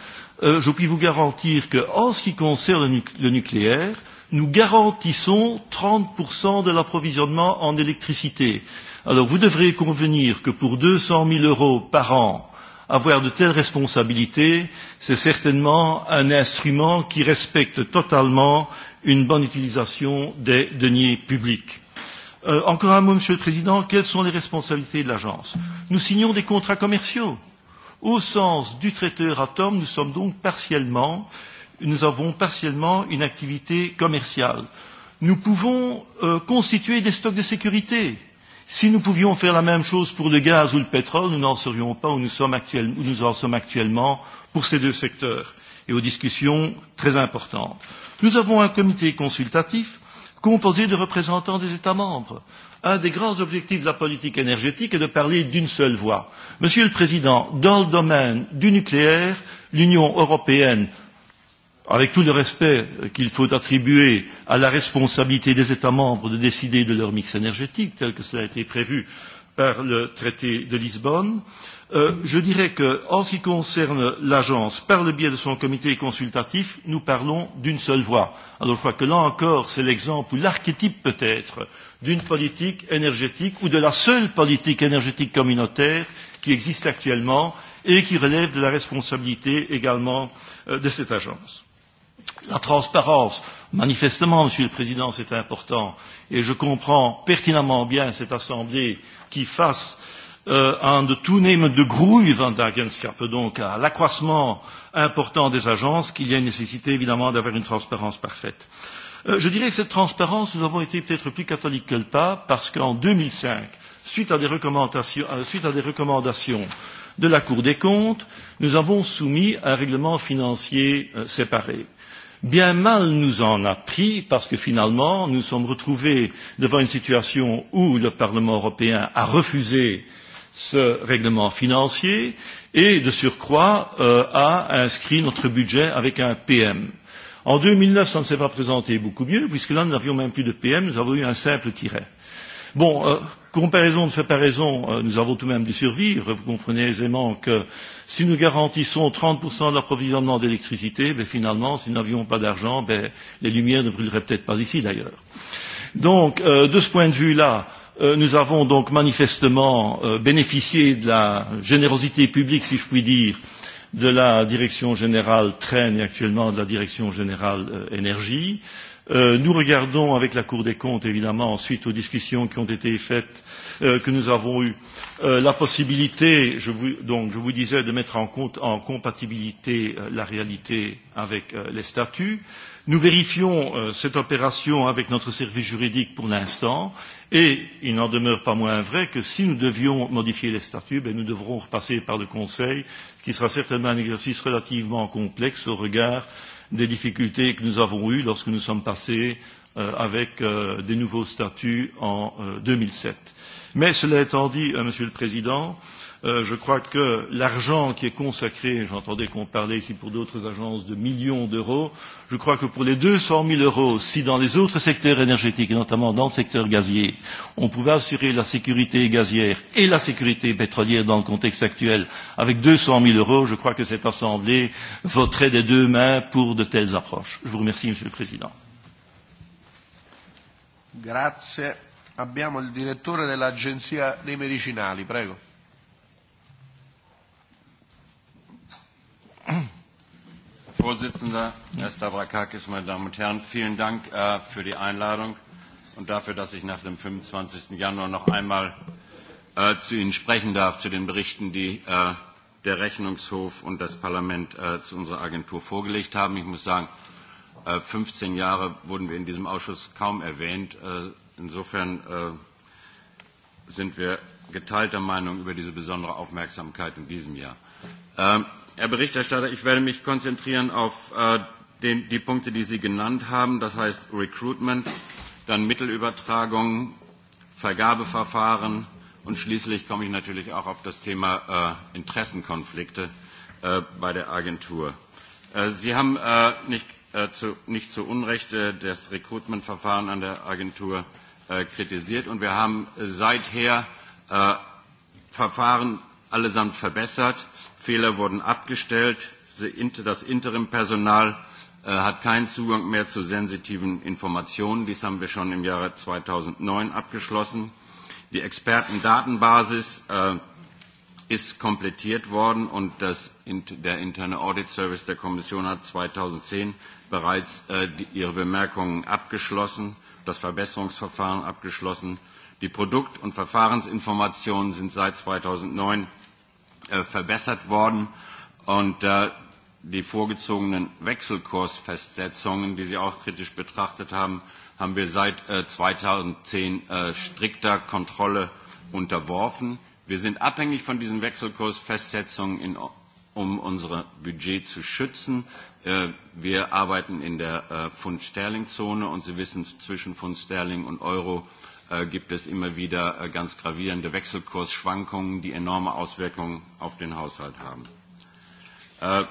Euh, je puis vous garantir qu'en ce qui concerne le, nu le nucléaire, nous garantissons 30% de l'approvisionnement en électricité. Alors vous devrez convenir que pour 200 000 euros par an, avoir de telles responsabilités, c'est certainement un instrument qui respecte totalement une bonne utilisation des deniers publics. Euh, encore un mot, Monsieur le Président, quelles sont les responsabilités de l'agence Nous signons des contrats commerciaux. Au sens du traité Euratom, nous sommes donc partiellement, nous avons partiellement une activité commerciale. Nous pouvons euh, constituer des stocks de sécurité euh, Si nous pouvions faire la même chose pour le gaz ou le pétrole, nous n'en serions pas où nous, sommes actuel, où nous en sommes actuellement pour ces deux secteurs et aux discussions très importantes. Nous avons un comité consultatif composé de représentants des États membres. Un des grands objectifs de la politique énergétique est de parler d'une seule voix. Monsieur le Président, dans le domaine du nucléaire, l'Union européenne avec tout le respect qu'il faut attribuer à la responsabilité des États membres de décider de leur mix énergétique, tel que cela a été prévu par le traité de Lisbonne, euh, je dirais qu'en ce qui concerne l'agence, par le biais de son comité consultatif, nous parlons d'une seule voix. Alors je crois que là encore, c'est l'exemple ou l'archétype peut-être d'une politique énergétique ou de la seule politique énergétique communautaire qui existe actuellement et qui relève de la responsabilité également euh, de cette agence. La transparence, manifestement, Monsieur le Président, c'est important, et je comprends pertinemment bien cette Assemblée qui fasse euh, un de tout name de grouille van Dagenskap, donc à l'accroissement important des agences, qu'il y a une nécessité évidemment d'avoir une transparence parfaite. Euh, je dirais que cette transparence, nous avons été peut-être plus catholiques que le pas, parce qu'en 2005, suite à, des recommandations, euh, suite à des recommandations de la Cour des comptes, nous avons soumis un règlement financier euh, séparé. Euh, bien mal nous en a pris parce que finalement nous sommes retrouvés devant une situation où le Parlement européen a refusé ce règlement financier et de surcroît euh, a inscrit notre budget avec un PM. En 2009, ça ne s'est pas présenté beaucoup mieux puisque là nous n'avions même plus de PM, nous avons eu un simple tiret. Bon, euh, comparaison ne fait pas raison, euh, nous avons tout de même dû survivre. Vous comprenez aisément que si nous garantissons 30% de l'approvisionnement d'électricité, ben finalement, si nous n'avions pas d'argent, ben, les lumières ne brûleraient peut-être pas ici d'ailleurs. Donc, euh, de ce point de vue-là, euh, nous avons donc manifestement euh, bénéficié de la générosité publique, si je puis dire, de la direction générale Train et actuellement de la direction générale euh, Énergie. Euh, Euh, nous regardons avec la Cour des comptes, évidemment, suite aux discussions qui ont été faites, euh, que nous avons eues, euh, la possibilité, je vous, donc, je vous disais, de mettre en compte en compatibilité euh, la réalité avec euh, les statuts. Nous vérifions euh, cette opération avec notre service juridique pour l'instant et il n'en demeure pas moins vrai que si nous devions modifier les statuts, ben, nous devrons repasser par le Conseil, ce qui sera certainement un exercice relativement complexe au regard euh, des difficultés que nous avons eues lorsque nous sommes passés euh, avec euh, des nouveaux statuts en euh, 2007. Mais cela étant dit, euh, Monsieur le Président, euh, Euh, je crois que l'argent qui est consacré, j'entendais qu'on parlait ici pour d'autres agences de millions d'euros, je crois que pour les 200 000 euros, si dans les autres secteurs énergétiques, et notamment dans le secteur gazier, on pouvait assurer la sécurité gazière et la sécurité pétrolière dans le contexte actuel, avec 200 000 euros, je crois que cette Assemblée voterait des deux mains pour de telles approches. Je vous remercie, Monsieur le Président. Grazie. Abbiamo il direttore dell'Agenzia dei Medicinali, prego. Vorsitzender, Herr Stavrakakis, meine Damen und Herren, vielen Dank äh, für die Einladung und dafür, dass ich nach dem 25. Januar noch einmal äh, zu Ihnen sprechen darf, zu den Berichten, die äh, der Rechnungshof und das Parlament äh, zu unserer Agentur vorgelegt haben. Ich muss sagen, äh, 15 Jahre wurden wir in diesem Ausschuss kaum erwähnt. Äh, insofern äh, sind wir geteilter Meinung über diese besondere Aufmerksamkeit in diesem Jahr. Äh, Herr Berichterstatter, ich werde mich konzentrieren auf äh, den, die Punkte, die Sie genannt haben, das heißt Recruitment, dann Mittelübertragung, Vergabeverfahren und schließlich komme ich natürlich auch auf das Thema äh, Interessenkonflikte äh, bei der Agentur. Äh, Sie haben äh, nicht, äh, zu, nicht zu Unrecht äh, das Recruitmentverfahren an der Agentur äh, kritisiert und wir haben seither äh, Verfahren allesamt verbessert. Fehler wurden abgestellt. Das Interimpersonal äh, hat keinen Zugang mehr zu sensitiven Informationen. Dies haben wir schon im Jahre 2009 abgeschlossen. Die Expertendatenbasis äh, ist komplettiert worden und das, der interne Audit Service der Kommission hat 2010 bereits äh, die, ihre Bemerkungen abgeschlossen, das Verbesserungsverfahren abgeschlossen. Die Produkt- und Verfahrensinformationen sind seit 2009 Äh, verbessert worden und äh, die vorgezogenen Wechselkursfestsetzungen, die Sie auch kritisch betrachtet haben, haben wir seit äh, 2010 äh, strikter Kontrolle unterworfen. Wir sind abhängig von diesen Wechselkursfestsetzungen, in, um unser Budget zu schützen. Äh, wir arbeiten in der äh, Pfund-Sterling-Zone und Sie wissen, zwischen Pfund-Sterling und Euro äh, Äh, gibt es immer wieder äh, ganz gravierende Wechselkursschwankungen, die enorme Auswirkungen auf den Haushalt haben. Äh,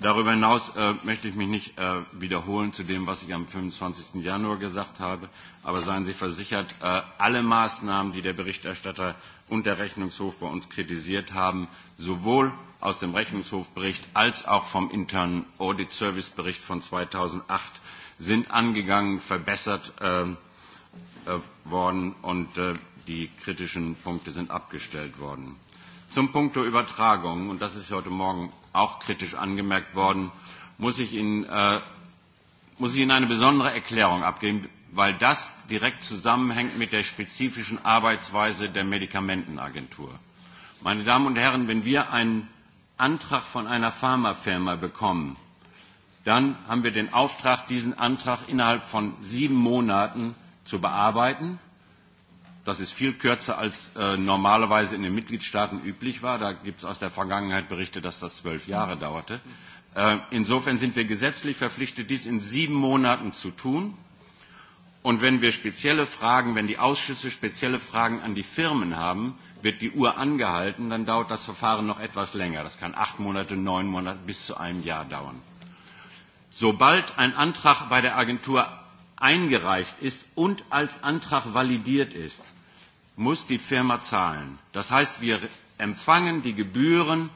darüber hinaus möchte ich mich nicht wiederholen zu dem, was ich am 25. Januar gesagt habe, aber seien Sie versichert, alle Maßnahmen, die der Berichterstatter und der Rechnungshof bei uns kritisiert haben, sowohl aus dem Rechnungshofbericht als auch vom internen Audit Service Bericht von 2008, sind angegangen, verbessert. Äh, Äh, worden und äh, die kritischen Punkte sind abgestellt worden. Zum Punkt Übertragung, und das ist heute Morgen auch kritisch angemerkt worden, muss ich Ihnen, äh, muss ich Ihnen eine besondere Erklärung abgeben, weil das direkt zusammenhängt mit der spezifischen Arbeitsweise der Medikamentenagentur. Meine Damen und Herren, wenn wir einen Antrag von einer Pharmafirma bekommen, dann haben wir den Auftrag, diesen Antrag innerhalb von sieben Monaten zu bearbeiten. Das ist viel kürzer, als äh, normalerweise in den Mitgliedstaaten üblich war. Da gibt es aus der Vergangenheit Berichte, dass das zwölf Jahre dauerte. Äh, insofern sind wir gesetzlich verpflichtet, dies in sieben Monaten zu tun. Und wenn wir spezielle Fragen, wenn die Ausschüsse spezielle Fragen an die Firmen haben, wird die Uhr angehalten, dann dauert das Verfahren noch etwas länger. Das kann acht Monate, neun Monate bis zu einem Jahr dauern. Sobald ein Antrag bei der Agentur eingereicht ist und als Antrag validiert ist, muss die Firma zahlen. Das heißt, wir empfangen die Gebühren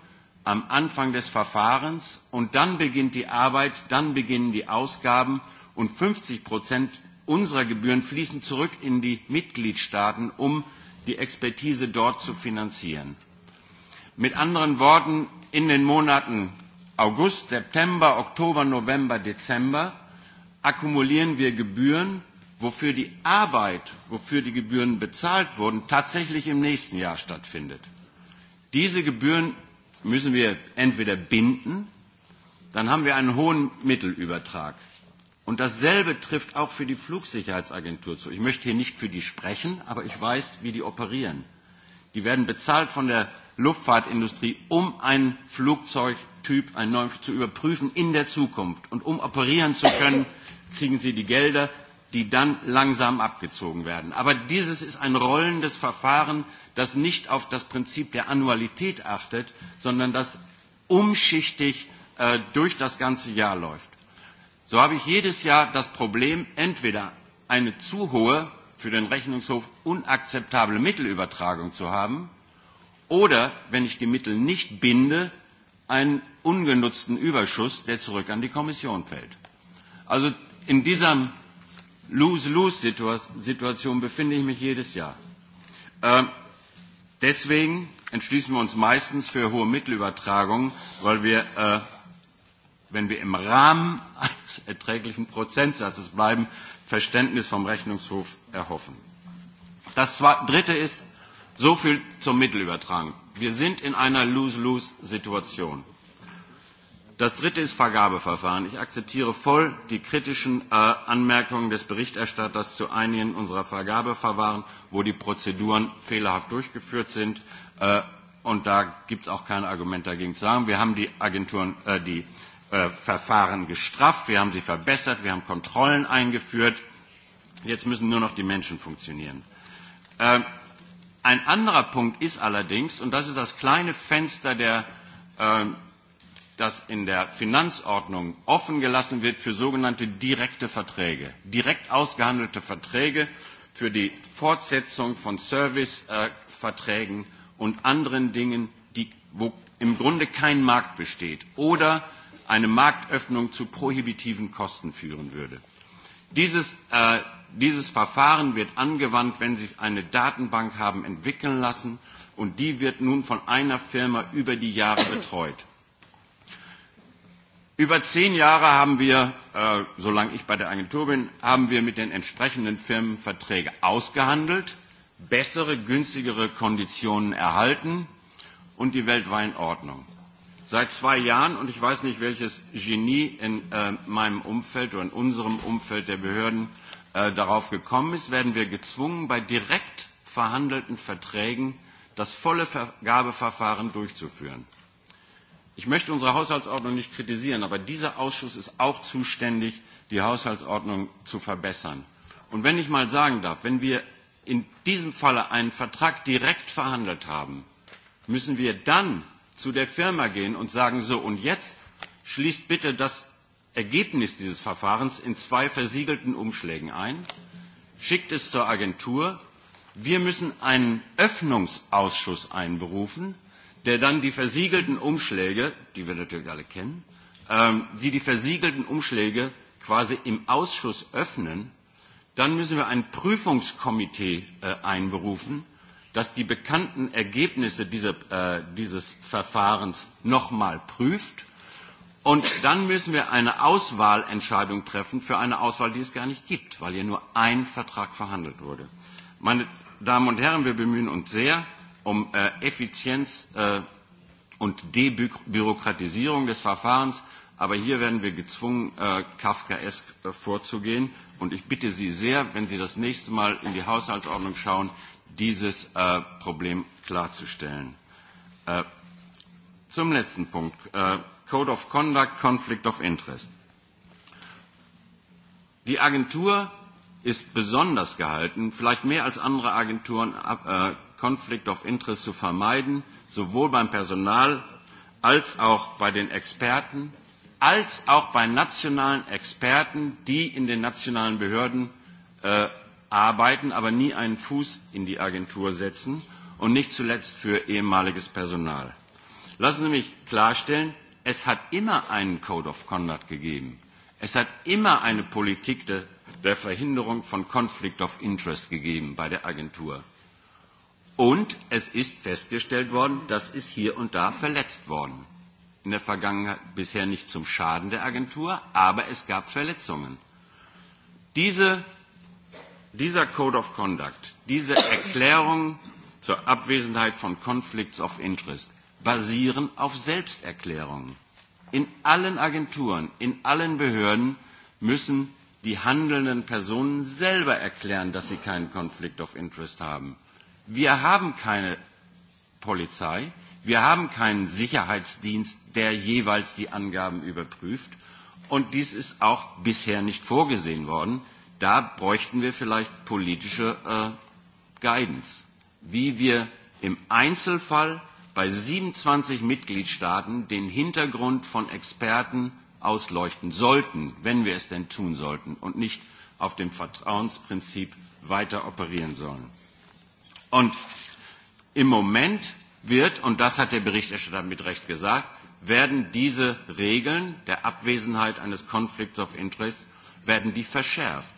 am Anfang des Verfahrens und dann beginnt die Arbeit, dann beginnen die Ausgaben und 50 Prozent unserer Gebühren fließen zurück in die Mitgliedstaaten, um die Expertise dort zu finanzieren. Mit anderen Worten, in den Monaten August, September, Oktober, November, Dezember akkumulieren wir Gebühren, wofür die Arbeit, wofür die Gebühren bezahlt wurden, tatsächlich im nächsten Jahr stattfindet. Diese Gebühren müssen wir entweder binden, dann haben wir einen hohen Mittelübertrag. Und dasselbe trifft auch für die Flugsicherheitsagentur zu. Ich möchte hier nicht für die sprechen, aber ich weiß, wie die operieren. Die werden bezahlt von der Luftfahrtindustrie, um ein Flugzeugtyp, ein neues zu überprüfen in der Zukunft und um operieren zu können kriegen sie die Gelder, die dann langsam abgezogen werden. Aber dieses ist ein rollendes Verfahren, das nicht auf das Prinzip der Annualität achtet, sondern das umschichtig äh, durch das ganze Jahr läuft. So habe ich jedes Jahr das Problem, entweder eine zu hohe, für den Rechnungshof unakzeptable Mittelübertragung zu haben, oder wenn ich die Mittel nicht binde, einen ungenutzten Überschuss, der zurück an die Kommission fällt. Also in dieser Lose-Lose-Situation befinde ich mich jedes Jahr. Äh, deswegen entschließen wir uns meistens für hohe Mittelübertragungen, weil wir, äh, wenn wir im Rahmen eines erträglichen Prozentsatzes bleiben, Verständnis vom Rechnungshof erhoffen. Das Dritte ist, so viel zum Mittelübertragung. Wir sind in einer Lose-Lose-Situation. Das dritte ist Vergabeverfahren. Ich akzeptiere voll die kritischen äh, Anmerkungen des Berichterstatters zu einigen unserer Vergabeverfahren, wo die Prozeduren fehlerhaft durchgeführt sind. Äh, und da gibt es auch kein Argument dagegen zu sagen. Wir haben die Agenturen, äh, die äh, Verfahren gestrafft, wir haben sie verbessert, wir haben Kontrollen eingeführt. Jetzt müssen nur noch die Menschen funktionieren. Äh, ein anderer Punkt ist allerdings, und das ist das kleine Fenster der äh, dass in der Finanzordnung offen gelassen wird für sogenannte direkte Verträge, direkt ausgehandelte Verträge für die Fortsetzung von Serviceverträgen und anderen Dingen, die, wo im Grunde kein Markt besteht oder eine Marktöffnung zu prohibitiven Kosten führen würde. Dieses, äh, dieses Verfahren wird angewandt, wenn Sie eine Datenbank haben entwickeln lassen und die wird nun von einer Firma über die Jahre betreut. Über zehn Jahre haben wir, äh, solange ich bei der Agentur bin, haben wir mit den entsprechenden Firmen Verträge ausgehandelt, bessere, günstigere Konditionen erhalten und die Welt war in Ordnung. Seit zwei Jahren, und ich weiß nicht, welches Genie in äh, meinem Umfeld oder in unserem Umfeld der Behörden äh, darauf gekommen ist, werden wir gezwungen, bei direkt verhandelten Verträgen das volle Vergabeverfahren durchzuführen. Ich möchte unsere Haushaltsordnung nicht kritisieren, aber dieser Ausschuss ist auch zuständig, die Haushaltsordnung zu verbessern. Und wenn ich mal sagen darf, wenn wir in diesem Falle einen Vertrag direkt verhandelt haben, müssen wir dann zu der Firma gehen und sagen, so, und jetzt schließt bitte das Ergebnis dieses Verfahrens in zwei versiegelten Umschlägen ein, schickt es zur Agentur. Wir müssen einen Öffnungsausschuss einberufen, der dann die versiegelten Umschläge, die wir natürlich alle kennen, ähm, die die versiegelten Umschläge quasi im Ausschuss öffnen, dann müssen wir ein Prüfungskomitee äh, einberufen, das die bekannten Ergebnisse dieser, äh, dieses Verfahrens nochmal prüft. Und dann müssen wir eine Auswahlentscheidung treffen für eine Auswahl, die es gar nicht gibt, weil hier nur ein Vertrag verhandelt wurde. Meine Damen und Herren, wir bemühen uns sehr um äh, Effizienz äh, und Debürokratisierung des Verfahrens. Aber hier werden wir gezwungen, äh, Kafkaesk äh, vorzugehen. Und ich bitte Sie sehr, wenn Sie das nächste Mal in die Haushaltsordnung schauen, dieses äh, Problem klarzustellen. Äh, zum letzten Punkt. Äh, Code of Conduct, Conflict of Interest. Die Agentur ist besonders gehalten, vielleicht mehr als andere Agenturen, äh, Conflict of Interest zu vermeiden, sowohl beim Personal als auch bei den Experten, als auch bei nationalen Experten, die in den nationalen Behörden äh, arbeiten, aber nie einen Fuß in die Agentur setzen und nicht zuletzt für ehemaliges Personal. Lassen Sie mich klarstellen, es hat immer einen Code of Conduct gegeben. Es hat immer eine Politik de, der Verhinderung von Conflict of Interest gegeben bei der Agentur. Und es ist festgestellt worden, das ist hier und da verletzt worden. In der Vergangenheit bisher nicht zum Schaden der Agentur, aber es gab Verletzungen. Diese, dieser Code of Conduct, diese Erklärung zur Abwesenheit von Conflicts of Interest basieren auf Selbsterklärungen. In allen Agenturen, in allen Behörden müssen die handelnden Personen selber erklären, dass sie keinen Conflict of Interest haben. Wir haben keine Polizei, wir haben keinen Sicherheitsdienst, der jeweils die Angaben überprüft. Und dies ist auch bisher nicht vorgesehen worden. Da bräuchten wir vielleicht politische äh, Guidance, wie wir im Einzelfall bei 27 Mitgliedstaaten den Hintergrund von Experten ausleuchten sollten, wenn wir es denn tun sollten und nicht auf dem Vertrauensprinzip weiter operieren sollen. Und im Moment wird, und das hat der Berichterstatter mit Recht gesagt, werden diese Regeln der Abwesenheit eines Conflicts of Interest, werden die verschärft.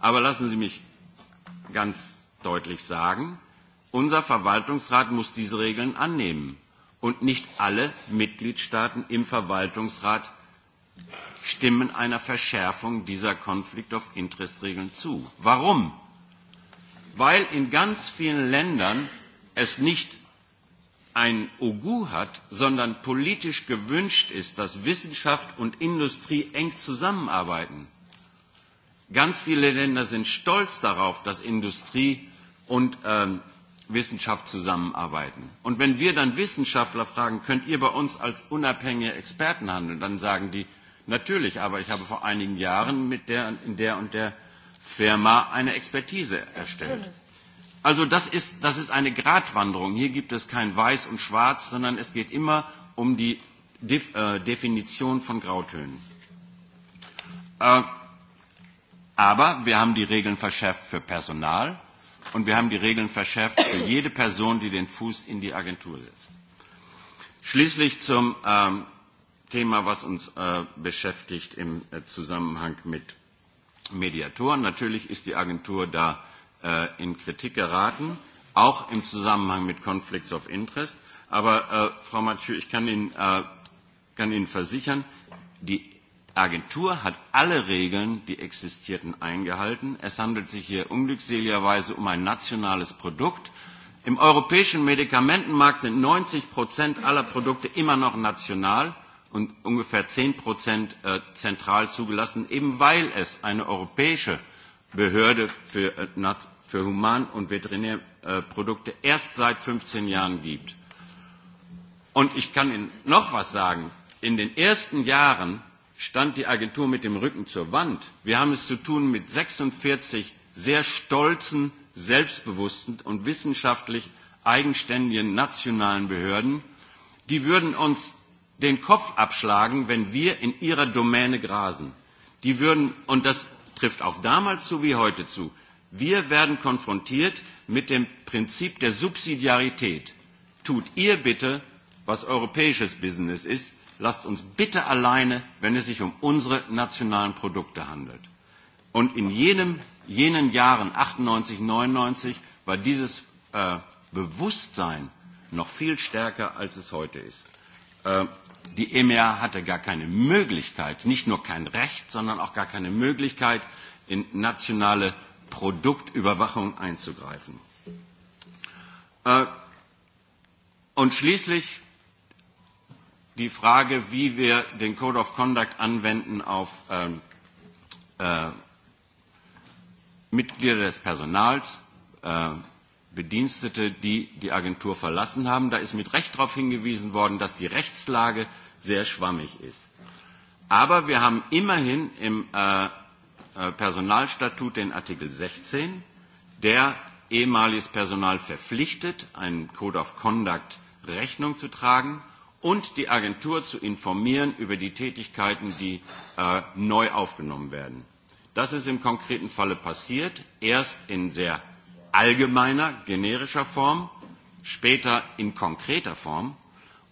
Aber lassen Sie mich ganz deutlich sagen, unser Verwaltungsrat muss diese Regeln annehmen und nicht alle Mitgliedstaaten im Verwaltungsrat stimmen einer Verschärfung dieser Conflict of Interest Regeln zu. Warum? weil in ganz vielen Ländern es nicht ein Ogu hat, sondern politisch gewünscht ist, dass Wissenschaft und Industrie eng zusammenarbeiten. Ganz viele Länder sind stolz darauf, dass Industrie und ähm, Wissenschaft zusammenarbeiten. Und wenn wir dann Wissenschaftler fragen, könnt ihr bei uns als unabhängige Experten handeln, dann sagen die, natürlich, aber ich habe vor einigen Jahren mit der, in der und der äh, Firma eine Expertise erstellt. Also das ist, das ist eine Gratwanderung. Hier gibt es kein Weiß und Schwarz, sondern es geht immer um die De äh, Definition von Grautönen. Äh, aber wir haben die Regeln verschärft für Personal und wir haben die Regeln verschärft für jede Person, die den Fuß in die Agentur setzt. Schließlich zum ähm, Thema, was uns äh, beschäftigt im äh, Zusammenhang mit äh, Mediatoren. Natürlich ist die Agentur da äh, in Kritik geraten, auch im Zusammenhang mit Conflicts of Interest. Aber äh, Frau Mathieu, ich kann Ihnen, äh, kann Ihnen versichern, die Agentur hat alle Regeln, die existierten, eingehalten. Es handelt sich hier unglückseligerweise um ein nationales Produkt. Im europäischen Medikamentenmarkt sind 90 Prozent aller Produkte immer noch national und ungefähr 10 Prozent äh, zentral zugelassen, eben weil es eine europäische Behörde für, äh, für Human- und Veterinärprodukte erst seit 15 Jahren gibt. Und ich kann Ihnen noch was sagen. In den ersten Jahren stand die Agentur mit dem Rücken zur Wand. Wir haben es zu tun mit 46 sehr stolzen, selbstbewussten und wissenschaftlich eigenständigen nationalen Behörden. Die würden uns den Kopf abschlagen, wenn wir in ihrer Domäne grasen. Die würden, und das trifft auch damals zu wie heute zu, wir werden konfrontiert mit dem Prinzip der Subsidiarität. Tut ihr bitte, was europäisches Business ist, lasst uns bitte alleine, wenn es sich um unsere nationalen Produkte handelt. Und in jenem, jenen Jahren 98, 99 war dieses äh, Bewusstsein noch viel stärker, als es heute ist. Äh, Die EMEA hatte gar keine Möglichkeit, nicht nur kein Recht, sondern auch gar keine Möglichkeit, in nationale Produktüberwachung einzugreifen. Äh, und schließlich die Frage, wie wir den Code of Conduct anwenden auf äh, äh, Mitglieder des Personals, äh, Bedienstete, die die Agentur verlassen haben. Da ist mit Recht darauf hingewiesen worden, dass die Rechtslage sehr schwammig ist. Aber wir haben immerhin im äh, äh Personalstatut den Artikel 16, der ehemaliges Personal verpflichtet, einen Code of Conduct Rechnung zu tragen und die Agentur zu informieren über die Tätigkeiten, die äh, neu aufgenommen werden. Das ist im konkreten Falle passiert, erst in sehr allgemeiner, generischer Form, später in konkreter Form.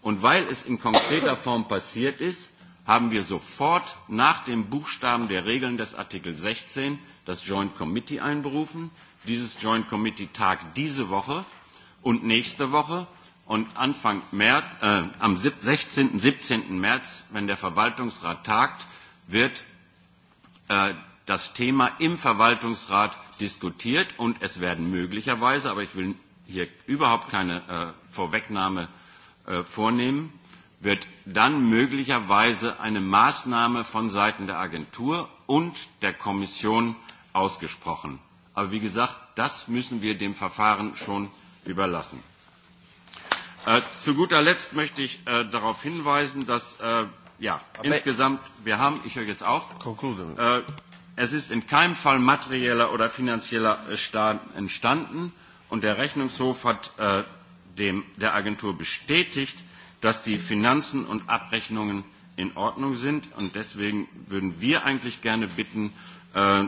Und weil es in konkreter Form passiert ist, haben wir sofort nach dem Buchstaben der Regeln des Artikel 16 das Joint Committee einberufen. Dieses Joint Committee tagt diese Woche und nächste Woche und Anfang März, äh, am 16. 17. März, wenn der Verwaltungsrat tagt, wird äh, das Thema im Verwaltungsrat diskutiert und es werden möglicherweise, aber ich will hier überhaupt keine äh, Vorwegnahme äh, vornehmen, wird dann möglicherweise eine Maßnahme von Seiten der Agentur und der Kommission ausgesprochen. Aber wie gesagt, das müssen wir dem Verfahren schon überlassen. Äh, zu guter Letzt möchte ich äh, darauf hinweisen, dass äh, ja, insgesamt wir haben, ich höre jetzt auf, äh, Es ist in keinem Fall materieller oder finanzieller äh, Staat entstanden und der Rechnungshof hat äh, dem, der Agentur bestätigt, dass die Finanzen und Abrechnungen in Ordnung sind und deswegen würden wir eigentlich gerne bitten, äh,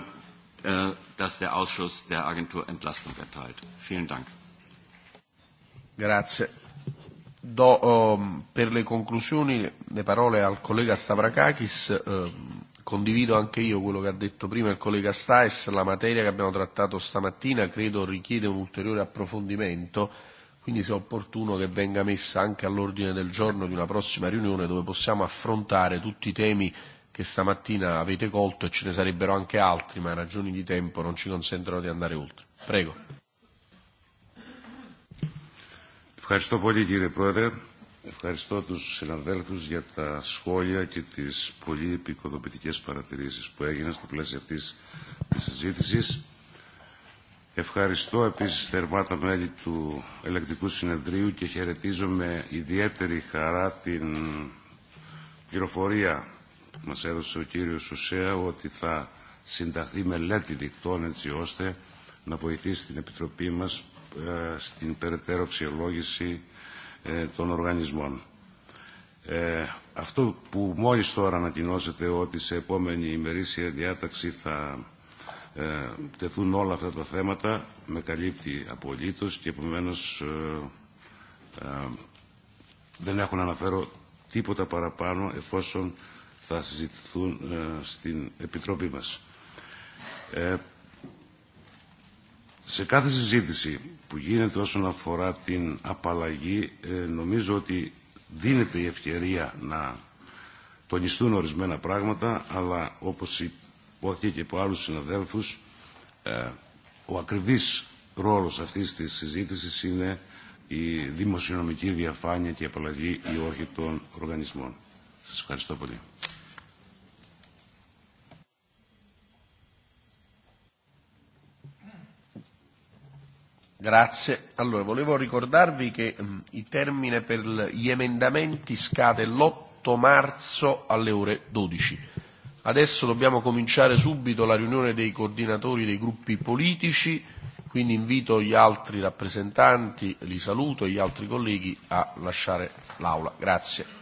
äh, dass der Ausschuss der Agentur Entlastung erteilt. Vielen Dank. Grazie. Do, um, per le conclusioni le parole al collega Stavrakakis. Um condivido anche io quello che ha detto prima il collega Stais, la materia che abbiamo trattato stamattina credo richiede un ulteriore approfondimento, quindi sia opportuno che venga messa anche all'ordine del giorno di una prossima riunione dove possiamo affrontare tutti i temi che stamattina avete colto e ce ne sarebbero anche altri, ma ragioni di tempo non ci consentono di andare oltre. Prego. Questo puoi dire, puoi dire. Ευχαριστώ τους συναδέλφους για τα σχόλια και τις πολύ επικοδοποιητικές παρατηρήσεις που έγιναν στο πλαίσιο αυτής της συζήτησης. Ευχαριστώ επίσης θερμά τα μέλη του Ελεκτικού Συνεδρίου και χαιρετίζω με ιδιαίτερη χαρά την πληροφορία που μας έδωσε ο κύριος Σουσέα ότι θα συνταχθεί μελέτη δικτών έτσι ώστε να βοηθήσει την Επιτροπή μας ε, στην περαιτέρω αξιολόγηση των οργανισμών. Ε, αυτό που μόλις τώρα ανακοινώσετε ότι σε επόμενη ημερήσια διάταξη θα ε, τεθούν όλα αυτά τα θέματα με καλύπτει απολύτως και επομένως ε, ε, δεν έχω να αναφέρω τίποτα παραπάνω εφόσον θα συζητηθούν ε, στην Επιτροπή μας. Ε, Σε κάθε συζήτηση που γίνεται όσον αφορά την απαλλαγή, νομίζω ότι δίνεται η ευκαιρία να τονιστούν ορισμένα πράγματα, αλλά όπως υπόθηκε και από άλλους συναδέλφους, ο ακριβής ρόλος αυτής της συζήτησης είναι η δημοσιονομική διαφάνεια και η απαλλαγή ή όχι των οργανισμών. Σας ευχαριστώ πολύ. Grazie. Allora, volevo ricordarvi che mh, mm, il termine per gli emendamenti scade l'8 marzo alle ore 12. Adesso dobbiamo cominciare subito la riunione dei coordinatori dei gruppi politici, quindi invito gli altri rappresentanti, li saluto, e gli altri colleghi a lasciare l'Aula. Grazie.